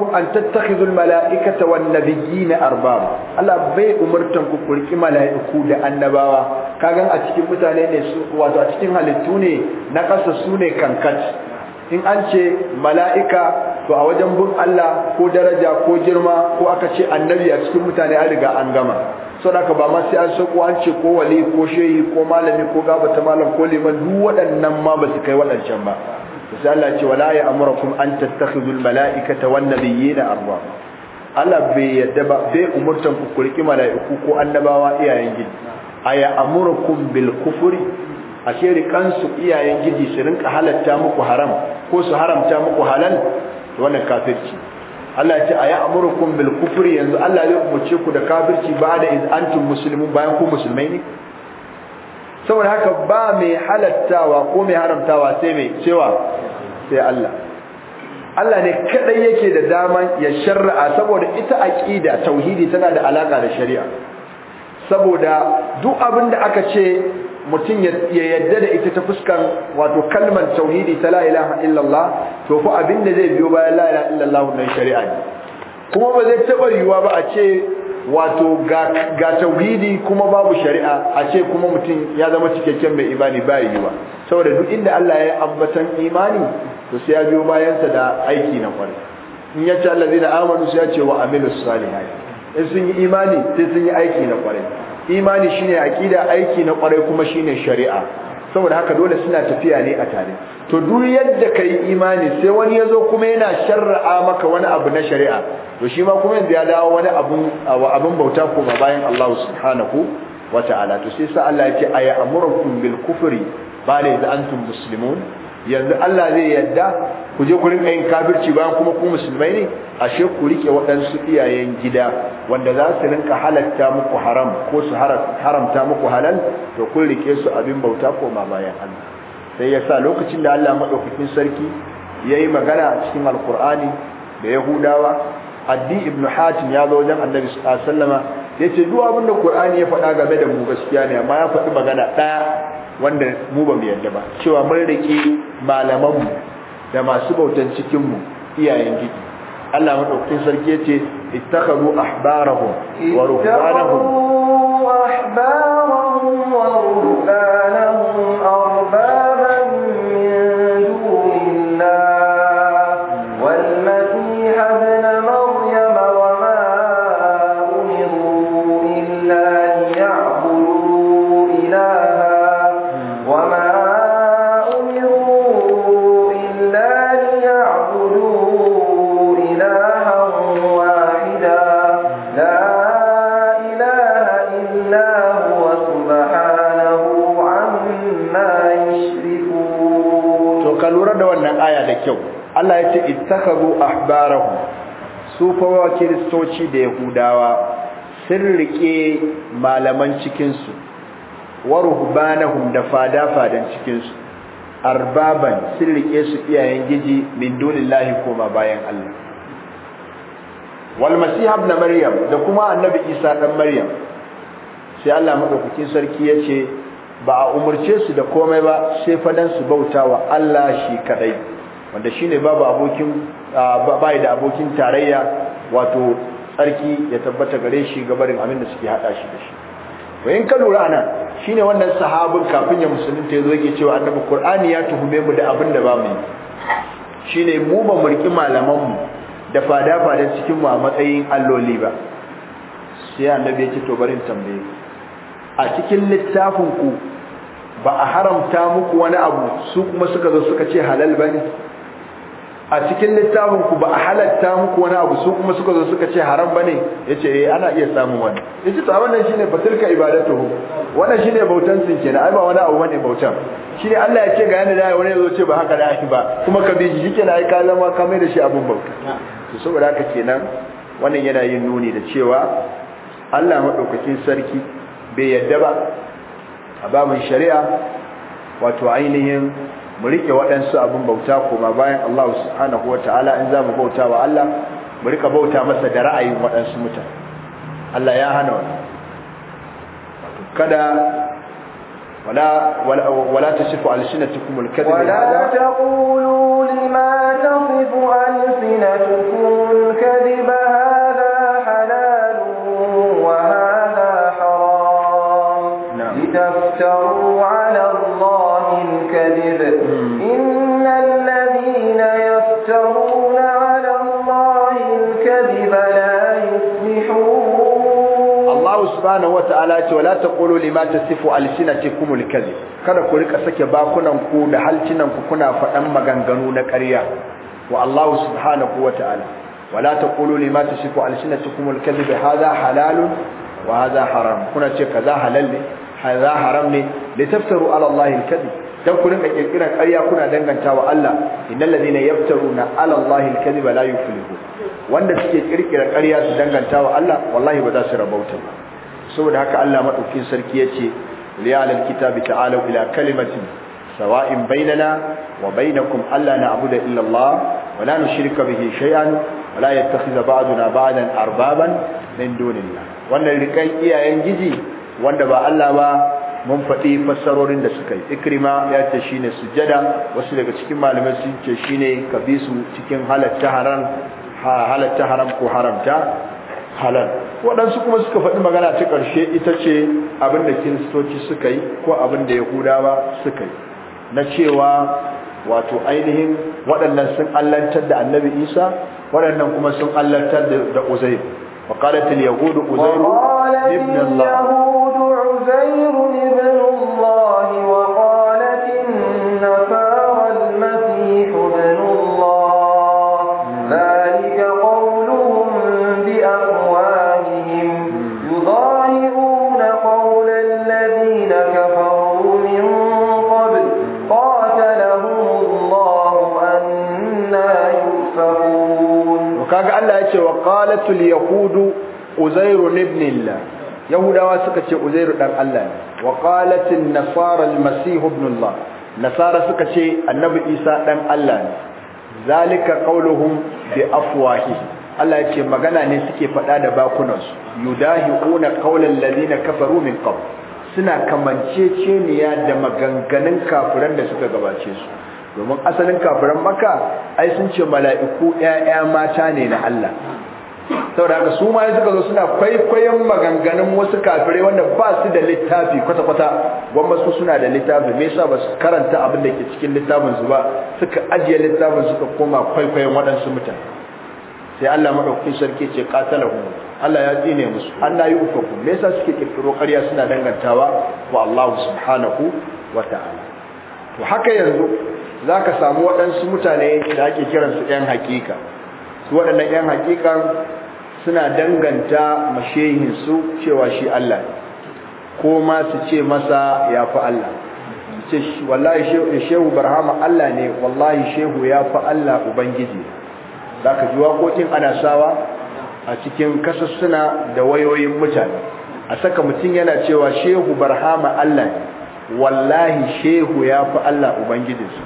amrukum an tattakhidhu almalaikata wan nabiyina arbaba Allah bai umurtan ku malaiku da annabawa kagan a cikin mutane ne su wato a cikin halittu ne na kasa su ne kankat in an ce mala'ika to a wajen bin Allah ko daraja ko girma ko aka ce annabi a cikin mutane an riga an gama saboda ba ma sai an so an ce ko wali ko shehi ko malami ko gaba ta malam ko liman duk waɗannan ma ba su kai waɗancan ba sai Allah ce wala ya amurakum an tattakhidul mala'ikata wan nabiyina arbab Allah bai yadda ba bai umurtan ku kurki mala'iku ko annabawa iyayen gidi aya amurukum bil kufri ashe rikansu iyayen gidi su rinka halatta muku haram ko su haramta muku halal to wannan kafirci Allah ya ce aya amurukum bil kufri yanzu Allah zai umurce ku da kafirci ba da iz antum muslimun bayan ku musulmai ne saboda haka ba mai halattawa ko mai haramtawa sai mai cewa sai Allah Allah ne kadai yake da daman ya shar'a saboda ita aqida tauhidi tana da alaka da shari'a saboda duk abin da aka ce mutum ya yadda da ita ta fuskan wato kalmar tauhidi ta la ilaha illallah to fa abin da zai biyo bayan la ilaha illallah nan shari'a ne kuma ba zai taba yiwuwa ba a ce wato ga tauhidi kuma babu shari'a a ce kuma mutum ya zama cikakken mai imani ba yiwa saboda duk inda Allah ya ambatan imani to sai ya biyo bayansa da aiki na kwarai in ya ce da amanu sai ya ce wa amilus salihai in sun yi imani sai sun yi aiki na kwarai imani shine aqida aiki na kwarai kuma shine shari'a saboda haka dole suna tafiya ne a tare to duk yadda ka yi imani sai wani ya zo kuma yana sharra'a maka wani abu na shari'a to shi ma kuma yanzu ya dawo wani abin bauta ko ba bayan Allah subhanahu wata'ala to sai sa Allah yake aya amurukum bil kufri ba da yanzu antum muslimun yanzu Allah zai yadda ku je ku rinka yin kafirci bayan kuma ku musulmai ne ashe ku rike waɗansu iyayen gida wanda za su rinka halatta muku haram ko su haramta muku halal to kun rike su abin bauta ko ma bayan Allah sai ya sa lokacin da Allah madaukakin sarki yayi magana a cikin alkur'ani da yahudawa addi ibnu hatim ya zo wajen annabi alaihi ya ce duk abin da qur'ani ya faɗa game da mu gaskiya ne amma ya faɗi magana ɗaya wanda mu ba mu yarda ba cewa mun rike malaman mu da masu bautan mu iyayen gidi Allah madaukakin sarki yace ce ittakhadhu ahbarahum wa ruhbanahum ahbarahum wa ruhbanahum arbaba ittakabu ahbarahum su fawa kiristoci da yahudawa sun rike malaman cikinsu wa ruhbanahum da fada-fadan cikinsu arbaban sun rike su iyayen giji min dunillahi koma bayan Allah wal masiha ibn maryam da kuma annabi isa dan maryam sai Allah madaukakin sarki yace ba a umurce su da komai ba sai fadan su bautawa Allah shi kadai wanda shine babu abokin bai da abokin tarayya wato tsarki ya tabbata gare shi gabarin abin da suke hada shi da shi wa in ka lura nan shine wannan sahabin kafin ya musulunta yazo yake cewa annabi qur'ani ya tuhume mu da abin da ba mu shine mu ba mu riki malaman mu da fada fada cikin mu a matsayin alloli ba sai annabi ya ce to barin tambaye a cikin littafin ku ba a haramta muku wani abu su kuma suka zo suka ce halal bane a cikin littafin ku ba a halatta muku wani abu su kuma suka zo suka ce haram bane yace eh ana iya samun wani yace to wannan shine fatilka ibadatuhu wannan shine bautan sun kenan ai ba wani abu bane bautan shine Allah ya ce ga yana da wani yazo ce ba haka da ake ba kuma ka bi shi na ai ka zama ka mai da shi abun bauta to saboda haka kenan wannan yana yin nuni da cewa Allah madaukakin sarki bai yadda ba a babun shari'a wato ainihin mu rike waɗansu abin bauta koma bayan Allah subhanahu wa ta'ala in zamu bauta wa Allah mu rika bauta masa da ra'ayin waɗansu mutane Allah ya hana wani kada wala wala wala tasifu alsinatukum alkadhib wala taqulu lima tasifu alsinatukum alkadhiba subhanahu wataala ce wala taqulu lima tasifu alsinatukum alkazib kada ku rika sake bakunan ku da halcinan ku kuna faɗan maganganu na ƙarya wa Allah subhanahu wataala wala taqulu lima tasifu alsinatukum alkazib hadha halalun wa hadha haram kuna ce kaza halal ne hadha haram ne litaftaru ala Allah alkazib dan ku rika kirkiran ƙarya kuna dangantawa Allah innal ladina yaftaruna ala Allah alkazib la yuflihun wanda suke kirkira ƙarya su danganta wa Allah wallahi ba za su rabauta ba saboda haka Allah madaukakin sarki yace liyalal kitabi ta'ala ila kalimatin sawa'in bainana wa bainakum alla na'budu illa Allah wa la nushrika bihi shay'an wa la yattakhidha ba'duna ba'dan arbaban min dunillah wannan rikan iyayen giji wanda ba Allah ba mun faɗi fassarorin da suka yi ikrima ya ce shine sujada wasu daga cikin malamai sun ce shine kabisu cikin halatta haram halatta haram ko haramta halal waɗansu kuma suka faɗi magana ta ƙarshe ita ce abinda kiristoci suka yi ko abin da yahudawa suka yi na cewa wato ainihin waɗannan sun allantar da annabi isa waɗannan kuma sun allantar da uzair وقالت yahudu عزير ibn allah qalatul yahudu uzairu ibn allah yahudawa suka ce uzairu dan Allah ne wa qalatin nasara al-masih ibn allah nasara suka ce annabi isa dan Allah ne zalika qauluhum bi afwahi Allah yake magana ne suke faɗa da bakunansu yudahiquna qaulal ladina kafaru min qabl suna kamance kamanceceniya da maganganun kafiran da suka gabace su domin asalin kafiran maka ai sun ce mala'iku yaya mata ne na Allah saboda haka su ma suka zo suna kwaikwayon maganganun wasu kafirai wanda ba su da littafi kwata-kwata gwamma su suna da littafi me yasa ba su karanta abin da ke cikin littafin su ba suka ajiye littafin suka koma kwaikwayon waɗansu mutum sai Allah madaukakin sarki ce qatalahu Allah ya tsine musu Allah ya ufaku me yasa suke kirkiro ƙarya suna dangantawa wa Allah subhanahu wa ta'ala to haka yanzu zaka samu waɗansu mutane da ake kiransu ƴan hakika su waɗannan ƴan hakikan suna danganta mashehinsu cewa shi Allah ko ma su ce masa ya fi Allah ce wallahi shehu barhama Allah ne wallahi shehu ya fi Allah ubangiji za ka ji waƙoƙin ana sawa a cikin kasassuna da wayoyin mutane a saka mutum yana cewa shehu barhama Allah ne wallahi shehu ya fi Allah ubangijinsu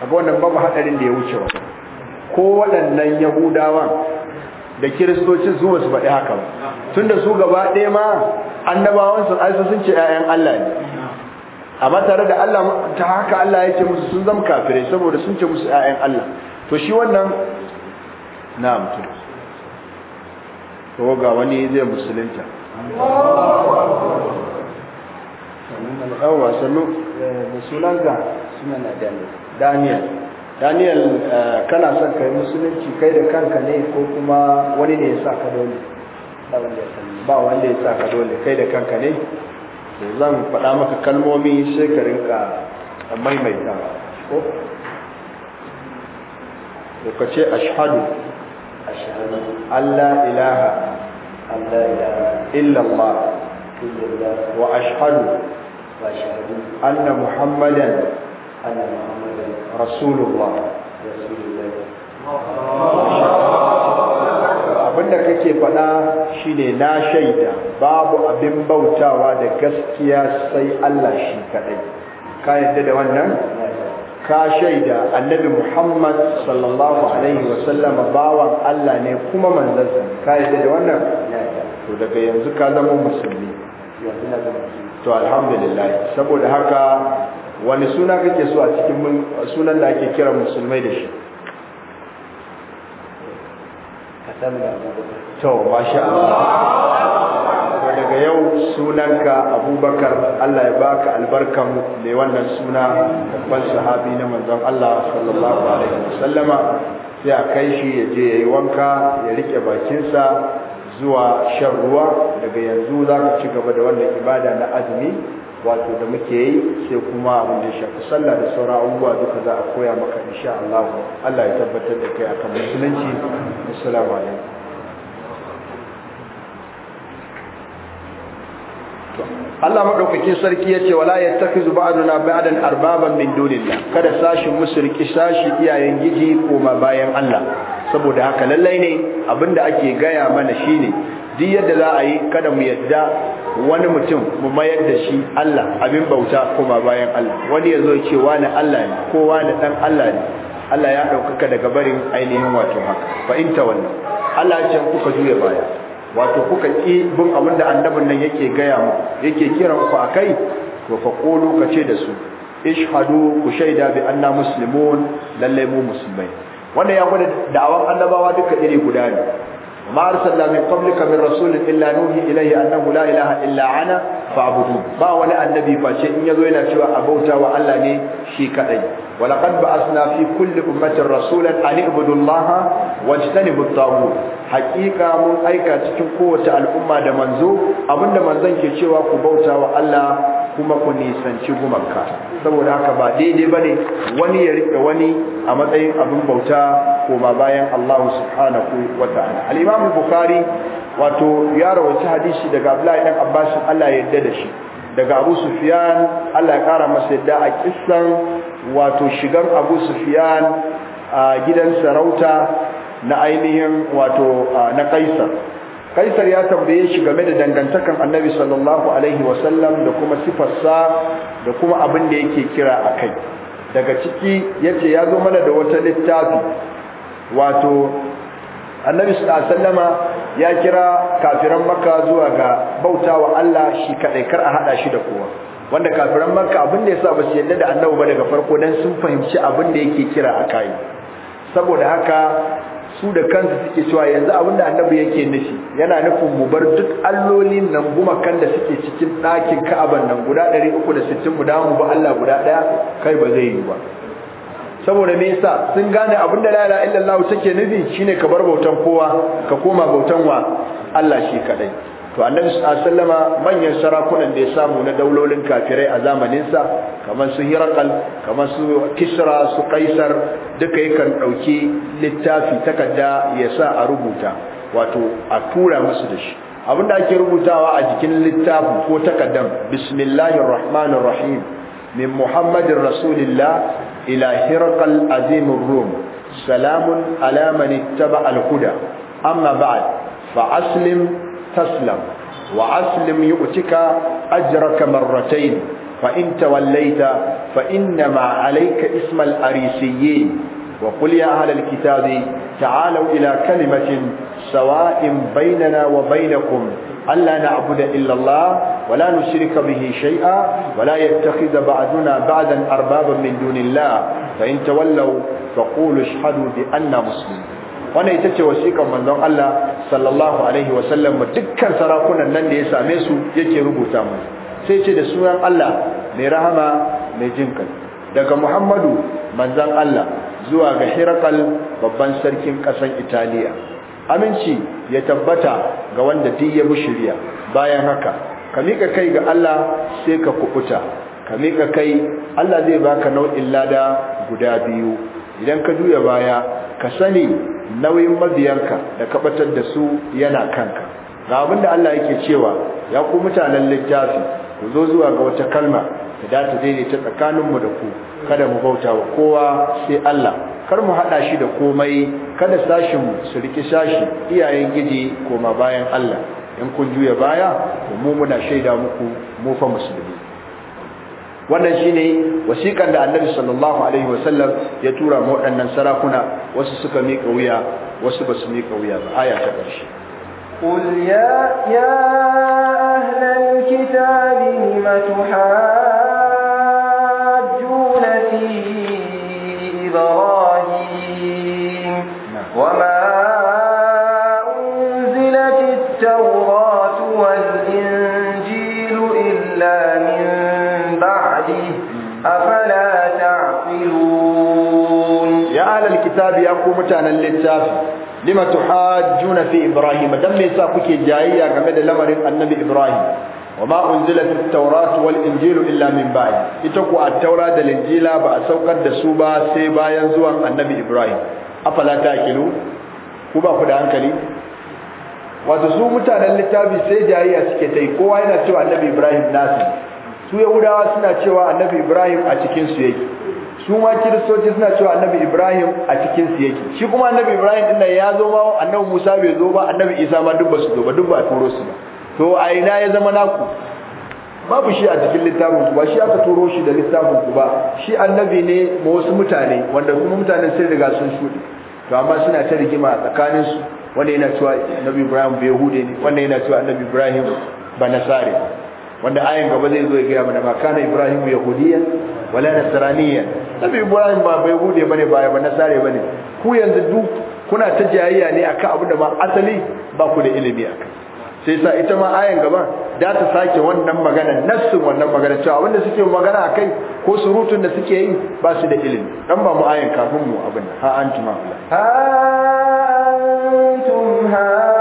a wannan babu haɗarin da ya wuce wa ko waɗannan yahudawan da kiristocin su ba su faɗi haka ba tunda su gaba ɗaya ma annabawan sun aisa sun ce 'ya'yan Allah ne amma tare da Allah ta haka Allah ya ce musu sun zama kafirai saboda sun ce musu 'ya'yan Allah to shi wannan na mutu to ga wani zai musulunta eh, Daniel daniel eh, kana son kai musulunci kai da kanka ne ko kuma wani ne ya sa ka dole ba wanda ya sa ka dole kai da kanka ne zan faɗa maka kalmomi sai ka rinka maimaita ko ka ce ashhadu Allah ilaha illallah wa ashhadu anna muhammadan rasulullah abinda kake faɗa shine na shaida babu abin bautawa da gaskiya sai Allah shi kadai ka yadda da wannan ka shaida annabi Muhammad sallallahu alaihi wasallama bawan Allah ne kuma manzansa ka yadda da wannan to daga yanzu ka zama musulmi to alhamdulillah saboda haka wani suna kake so a cikin sunan da ake kira musulmai da shi to masha Allah daga yau sunanka abubakar Allah ya baka albarkan mai wannan suna babban sahabi na manzon Allah sallallahu alaihi wasallama sai a kai shi ya je yayi wanka ya rike bakinsa zuwa shan ruwa daga yanzu za ka ci gaba da wannan ibada na azumi wato da muke yi sai kuma abin da shafi sallah da saura abubuwa duka za a koya maka insha Allah Allah ya tabbatar da kai akan musulunci assalamu alaikum Allah madaukakin sarki yace wala yattakizu ba'duna ba'dan arbaban min dunillah kada sashin Musulki sashi iyayen giji koma bayan Allah saboda haka lallai ne abinda ake gaya mana shine duk yadda za a yi kada mu yadda wani mutum mu mayar da shi Allah abin bauta kuma bayan Allah wani ya zo ce wani Allah ne ko wani dan Allah ne Allah ya ɗaukaka daga barin ainihin wato haka fa in ta wannan Allah ya kuka juya baya wato kuka ki bin abin da annabin nan yake gaya mu yake kiran ku akai ko fa ko kace da su ishhadu ku shaida bi anna muslimun lalle mu musulmai wannan ya gwada da'awan annabawa duka iri guda ne ma arsalna min qablika min rasulin illa nuhi ilayhi annahu la ilaha illa ana fa'budu ba wani annabi face in yazo yana cewa a bauta wa Allah ne shi kadai wa laqad ba'athna fi kulli ummatin rasulan an i'budu Allah wajtanibu at-taghut haƙiƙa mun aika cikin kowace al'umma da manzo abinda manzon ke cewa ku bauta wa Allah kuma ku nisanci gumanka. saboda haka ba daidai bane wani ya rike wani a matsayin abin bauta ba bayan Allah subhanahu wa ta'ala al-Imam Bukhari wato ya rawaci hadisi daga Abdullahi ibn Abbas Allah ya yarda da shi daga Abu Sufyan Allah ya kara masa yadda a kissan wato shigar Abu Sufyan a gidan sarauta na ainihin wato na kaisar kaisar ya tambaye shi game da dangantakan annabi sallallahu alaihi wasallam da kuma sifarsa da kuma abin da yake kira a kai daga ciki yace ya zo mana da wata littafi wato annabi sallama ya kira kafiran makka zuwa ga bautawa Allah shi kadai kar a hada shi da kowa wanda kafiran makka abin da yasa ba su yarda da annabi ba daga farko dan sun fahimci abin da yake kira a kai saboda haka su da kansu suke cewa yanzu abin da annabi yake nufi yana nufin mu bar duk allolin nan kan da suke cikin ɗakin ka'aban nan guda 360 mu dawo mu ba Allah guda ɗaya kai ba zai yi ba saboda me yasa sun gane abin da la ilaha illallah take nufi shine ka bar bautan kowa ka koma bautan wa Allah shi kadai to annabi sallama manyan sarakunan da ya samu na daulolin kafirai a zamaninsa kamar su hirakal kamar su kisra su kaisar duka yakan ɗauki littafi takarda ya sa a rubuta wato a tura musu da shi abinda ake rubutawa a jikin littafin ko takardar bismillahir rahmanir rahim min muhammadin rasulillah ila Hirqal azimur rum salamun ala man ittaba al huda amma ba'd fa aslim تسلم وأسلم يؤتك أجرك مرتين فإن توليت فإنما عليك اسم الأريسيين وقل يا أهل الكتاب تعالوا إلى كلمة سواء بيننا وبينكم ألا نعبد إلا الله ولا نشرك به شيئا ولا يتخذ بعضنا بعضا أربابا من دون الله فإن تولوا فقولوا اشهدوا بأننا مسلمون wannan ita ce wasiƙar manzon Allah sallallahu alaihi wa dukkan sarakunan nan da ya same su yake rubuta mu sai ce da sunan Allah mai rahama mai jinka daga Muhammadu manzon Allah zuwa ga Hirakal babban sarkin ƙasar Italiya aminci ya tabbata ga wanda duk ya shirya bayan haka ka miƙa kai ga Allah sai ka kuɓuta. ka miƙa kai Allah zai baka nau'in lada guda biyu idan ka juya baya ka sani nauyin mabiyanka da ka batar da su yana kanka ga abin da Allah yake cewa ya ku mutanen littafi ku zo zuwa ga wata kalma da za ta daidaita tsakaninmu da ku kada mu bauta wa kowa sai Allah kar mu haɗa shi da komai kada sashin mu su riki sashi iyayen gidi, koma bayan Allah in kun juya baya mu muna shaida muku mu fa musulmi wannan shine wasiƙan da annabi sallallahu alaihi wasallam ya tura waɗannan sarakuna wasu suka miƙa wuya wasu ba su miƙa wuya ba aya ta ƙarshe قل يا يا أهل الكتاب لم تحاجون في إبراهيم وما littafi ya ku mutanen littafi lima tuhajjuna fi ibrahim dan me yasa kuke jayayya game da lamarin annabi ibrahim wama unzila fi tawrat wal injil illa min ba'd ita ku at-taura da injila ba a saukar da su ba sai bayan zuwan annabi ibrahim afala taqilu ku ba ku da hankali wato su mutanen littafi sai jayayya suke tai kowa yana cewa annabi ibrahim nasu su yahudawa suna cewa annabi ibrahim a cikin su yake su ma kiristoci suna cewa annabi ibrahim a cikin su yake shi kuma annabi ibrahim din nan ya zo ma annabi musa bai zo ba annabi isa ma duk ba su zo ba duk ba turo su ba to a ina ya zama naku babu shi a cikin littafin ku ba shi aka turo shi da littafin ku ba shi annabi ne ma wasu mutane wanda kuma mutanen sai riga sun shuɗe to amma suna ta rigima a tsakanin su wanda yana cewa annabi ibrahim bai hude ne wanda yana cewa annabi ibrahim ba nasare wanda ayin gaba zai zo ya gaya mana ma kana ibrahim Yahudiyya wala nasraniyya nabi ibrahim ba bai hude bane ba ba sare bane ku yanzu duk kuna ta jayayya ne akan abu da ma asali ba ku da ilimi akan sai sa ita ma ayan gaba da ta sake wannan magana nassin wannan magana cewa wanda suke magana akai ko surutun da suke yi ba su da ilimi dan ba mu ayan kafin mu abin ha antuma ha antum ha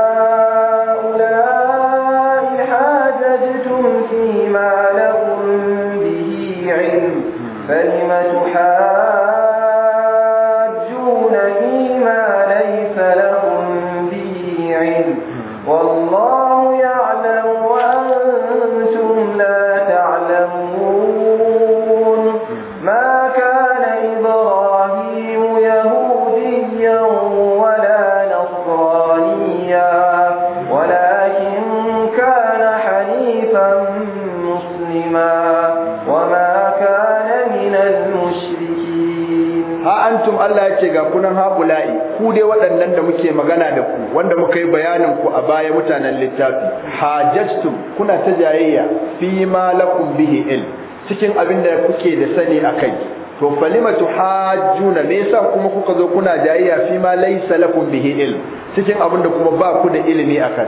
Allah ce ga kunan haƙula'i ku dai waɗannan da muke magana da ku wanda muka yi bayanin ku a baya mutanen littafi hajjajtum kuna ta jayayya fi ma lakum bihi il cikin abin da kuke da sani akai to falima hajjuna me yasa kuma kuka zo kuna jayayya fi ma laysa lakum bihi ilm cikin abin da kuma ba ku da ilimi akan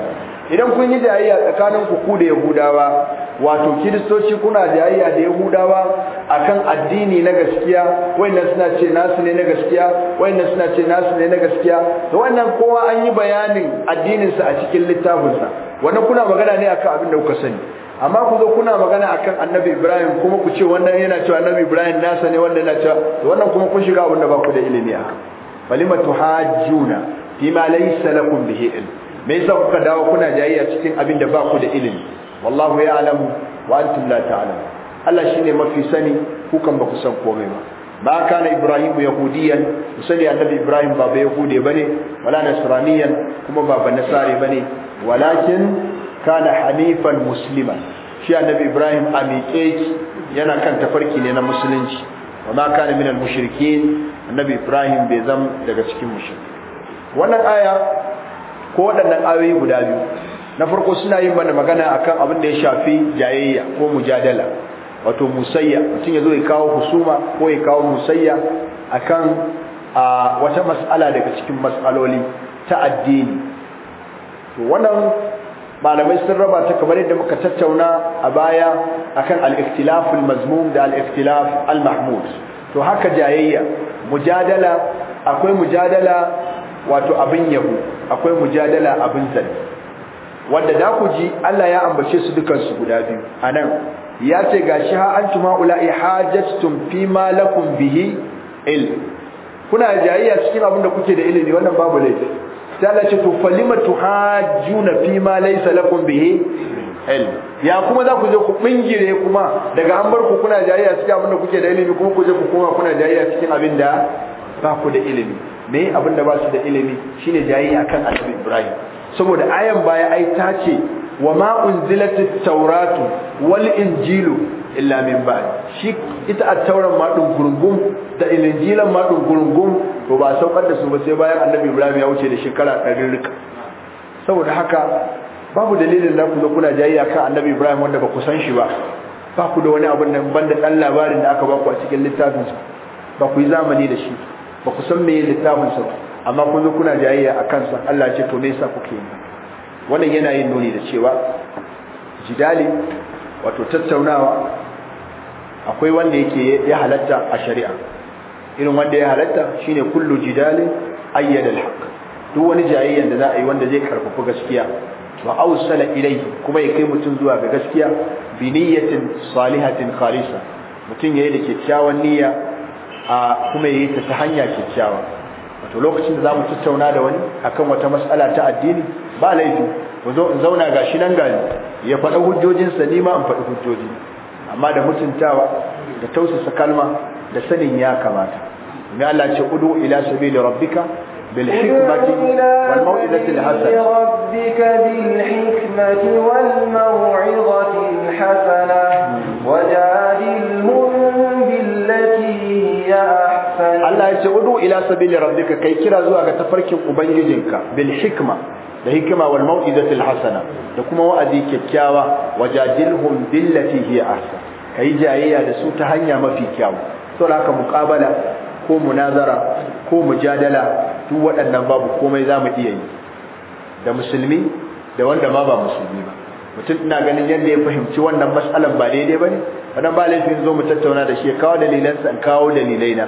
idan kun yi jayayya tsakanin ku ku da yahudawa wato kiristoci kuna jayayya da yahudawa akan addini na gaskiya wayannan suna ce nasu ne na gaskiya wayannan suna ce nasu ne na gaskiya to wannan kowa an yi bayanin addinin sa a cikin littafin sa wannan kuna magana ne akan abin da kuka sani amma ku zo kuna magana akan annabi Ibrahim kuma ku ce wannan yana cewa annabi Ibrahim nasa ne wannan yana cewa to wannan kuma kun shiga abin da ba ku da ilimi a falima tuhajjuna fima laysa lakum bihi ilm me yasa kuka dawo kuna jayayya cikin abin da ba ku da ilimi wallahu ya'lamu wa antum la ta'lamu Allah shine mafi sani kukan ba ku san komai ba ba kana ibrahim yahudiyan musali annabi ibrahim ba ba yahude bane wala nasraniyan kuma ba ba nasare bane walakin kana hanifan musliman shi annabi ibrahim a yana kan tafarki ne na musulunci wa ma kana minal mushrikin annabi ibrahim bai zam daga cikin mushrik wannan aya ko waɗannan ayoyi guda biyu na farko suna yin mana magana akan abin da ya shafi jayayya ko mujadala wato musayya mutum ya zo ya kawo husuma ko ya kawo musayya akan wata mas'ala daga cikin mas'aloli ta addini to wannan malamai sun raba ta kamar yadda muka tattauna a baya akan al mazmum da al-ikhtilaf al-mahmud to haka jayayya mujadala akwai mujadala wato abin yabo akwai mujadala abin zalli wanda da ku ji Allah ya ambace su dukan su guda biyu anan ya ce gashi ha antuma ula'i hajatum fi ma lakum bihi il kuna jayayya cikin abin da kuke da ilimi wannan babu laifi sai Allah ce to falima tuhajjuna fi ma laysa lakum bihi il ya kuma za ku je ku bingire kuma daga an bar ku kuna jayayya cikin abin da kuke da ilimi kuma ku je ku koma kuna jayayya cikin abin da ba ku da ilimi me abin da ba su da ilimi shine jayayya akan Annabi Ibrahim saboda ayan baya ai ta ce wa ma unzilatit tauratu wal injilu illa min ba'di shi ita a tauran ma dun gurungum da injilan ma dun gurungum to ba saukar da su ba sai bayan annabi Ibrahim ya wuce da shekara 100 rika saboda haka babu dalilin da ku zo kuna jayayya kan annabi Ibrahim wanda ba ku san shi ba ba ku da wani da nan da dan labarin da aka ba ku a cikin littafin ba ku yi zamani da shi ba ku san me littafin sa ba amma kun zo kuna jayayya a kansa Allah ce to me yasa kuke yi wannan yana yin nuni da cewa jidali wato tattaunawa akwai wanda yake ya halatta a shari'a irin wanda ya halatta shine kullu jidali ayyada alhaq duk wani jayayyan da za a yi wanda zai karfafa gaskiya wa awsala ilayhi kuma ya kai mutum zuwa ga gaskiya bi niyyatin salihatin khalisa mutum yayi da kyakkyawan niyya a kuma yayi ta hanya kyakkyawa to lokacin da zamu tattauna da wani akan wata mas'ala ta addini ba laifi mu zo in zauna gashi nan gani ya faɗa hujjojin sa ni ma in faɗi hujjoji amma da mutuntawa da tausasa kalma da sanin ya kamata mai Allah ce udu ila sabili rabbika bil hikmati wal mau'izati al hasana rabbika bil hikmati wal mau'izati al hasana hmm. ce udu ila sabili rabbika kai kira zuwa ga tafarkin ubangijinka bil hikma da hikima wal mau'izati al hasana da kuma wa'azi kyakkyawa wajadilhum billati hiya ahsan kai jayayya da su ta hanya mafi kyawu da haka muqabala ko munazara ko mujadala duk waɗannan babu komai zamu iya yi da musulmi da wanda ma ba musulmi ba mutum ina ganin yadda ya fahimci wannan matsalar ba daidai bane wannan ba laifin zo mu tattauna da shi kawo dalilansa kawo dalilaina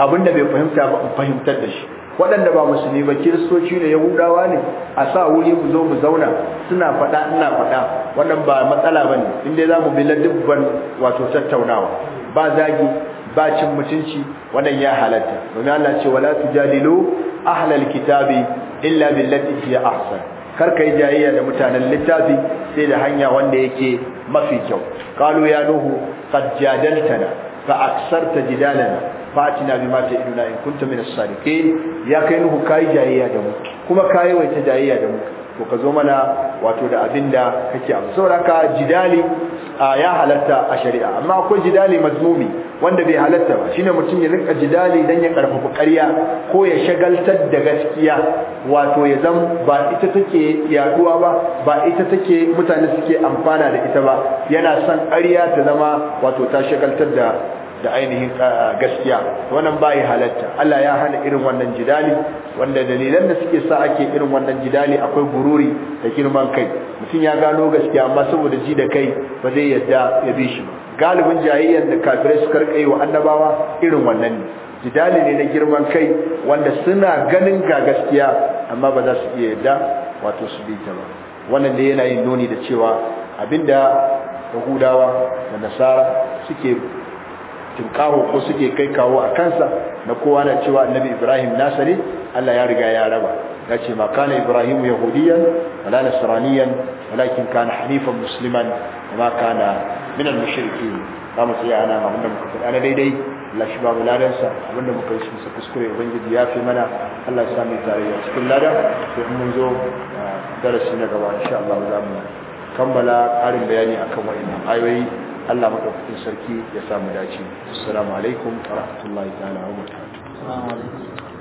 abinda bai fahimta ba fahimtar da shi waɗanda ba musulmi ba kiristoci ne yahudawa ne a sa wuri mu zo mu zauna suna faɗa ina faɗa wannan ba matsala bane in dai mu bi ladibban wato tattaunawa ba zagi ba cin mutunci wannan ya halatta domin Allah ce wala tujadilu ahlal kitabi illa billati hiya ahsan kar kai jayayya da mutanen littafi sai da hanya wanda yake mafi kyau qalu ya nuhu qad jadaltana fa aksarta jidalana fatina mata iduna in kunta min as-sadiqin ya kai nuhu kai jayayya da mu kuma kai waita jayayya da mu to ka zo mana wato da abinda kake abu saboda jidali ya halatta a shari'a amma akwai jidali mazmumi wanda bai halatta ba shine mutum ya rinka jidali dan ya karfafa ƙarya ko ya shagaltar da gaskiya wato ya zam ba ita take yaduwa ba ba ita take mutane suke amfana da ita ba yana son ƙarya ta zama wato ta shagaltar da da ainihin gaskiya wannan bai halatta Allah ya hana irin wannan jidali wanda dalilan da suke sa ake irin wannan jidali akwai gururi da girman kai mutum ya gano gaskiya amma saboda ji da kai ba zai yadda ya bi shi galibin jahiliyyar da kafirai suka karkai wa annabawa irin wannan ne jidali ne na girman kai wanda suna ganin ga gaskiya amma ba za su iya yadda wato su bi ta ba wannan da yana yin noni da cewa abinda yahudawa da nasara suke tinkawo ko suke kai kawo a kansa na kowa na cewa annabi ibrahim nasa ne allah ya riga ya raba ya ce ma kana ibrahim yahudiyan wala nasraniyan walakin kana hanifan musliman ma kana min al-mushrikin za mu tsaya ana abinda muka faɗa na daidai Allah shi ba mu ladansa abinda muka yi sa kuskure ubangiji ya fi mana Allah ya sami tarayya cikin lada sai mun zo ah, darasi na gaba insha Allah za mu kammala ƙarin bayani akan wa'annan ayoyi Allah madaukakin sarki ya samu dace assalamu alaikum wa rahmatullahi ta'ala wa barakatuh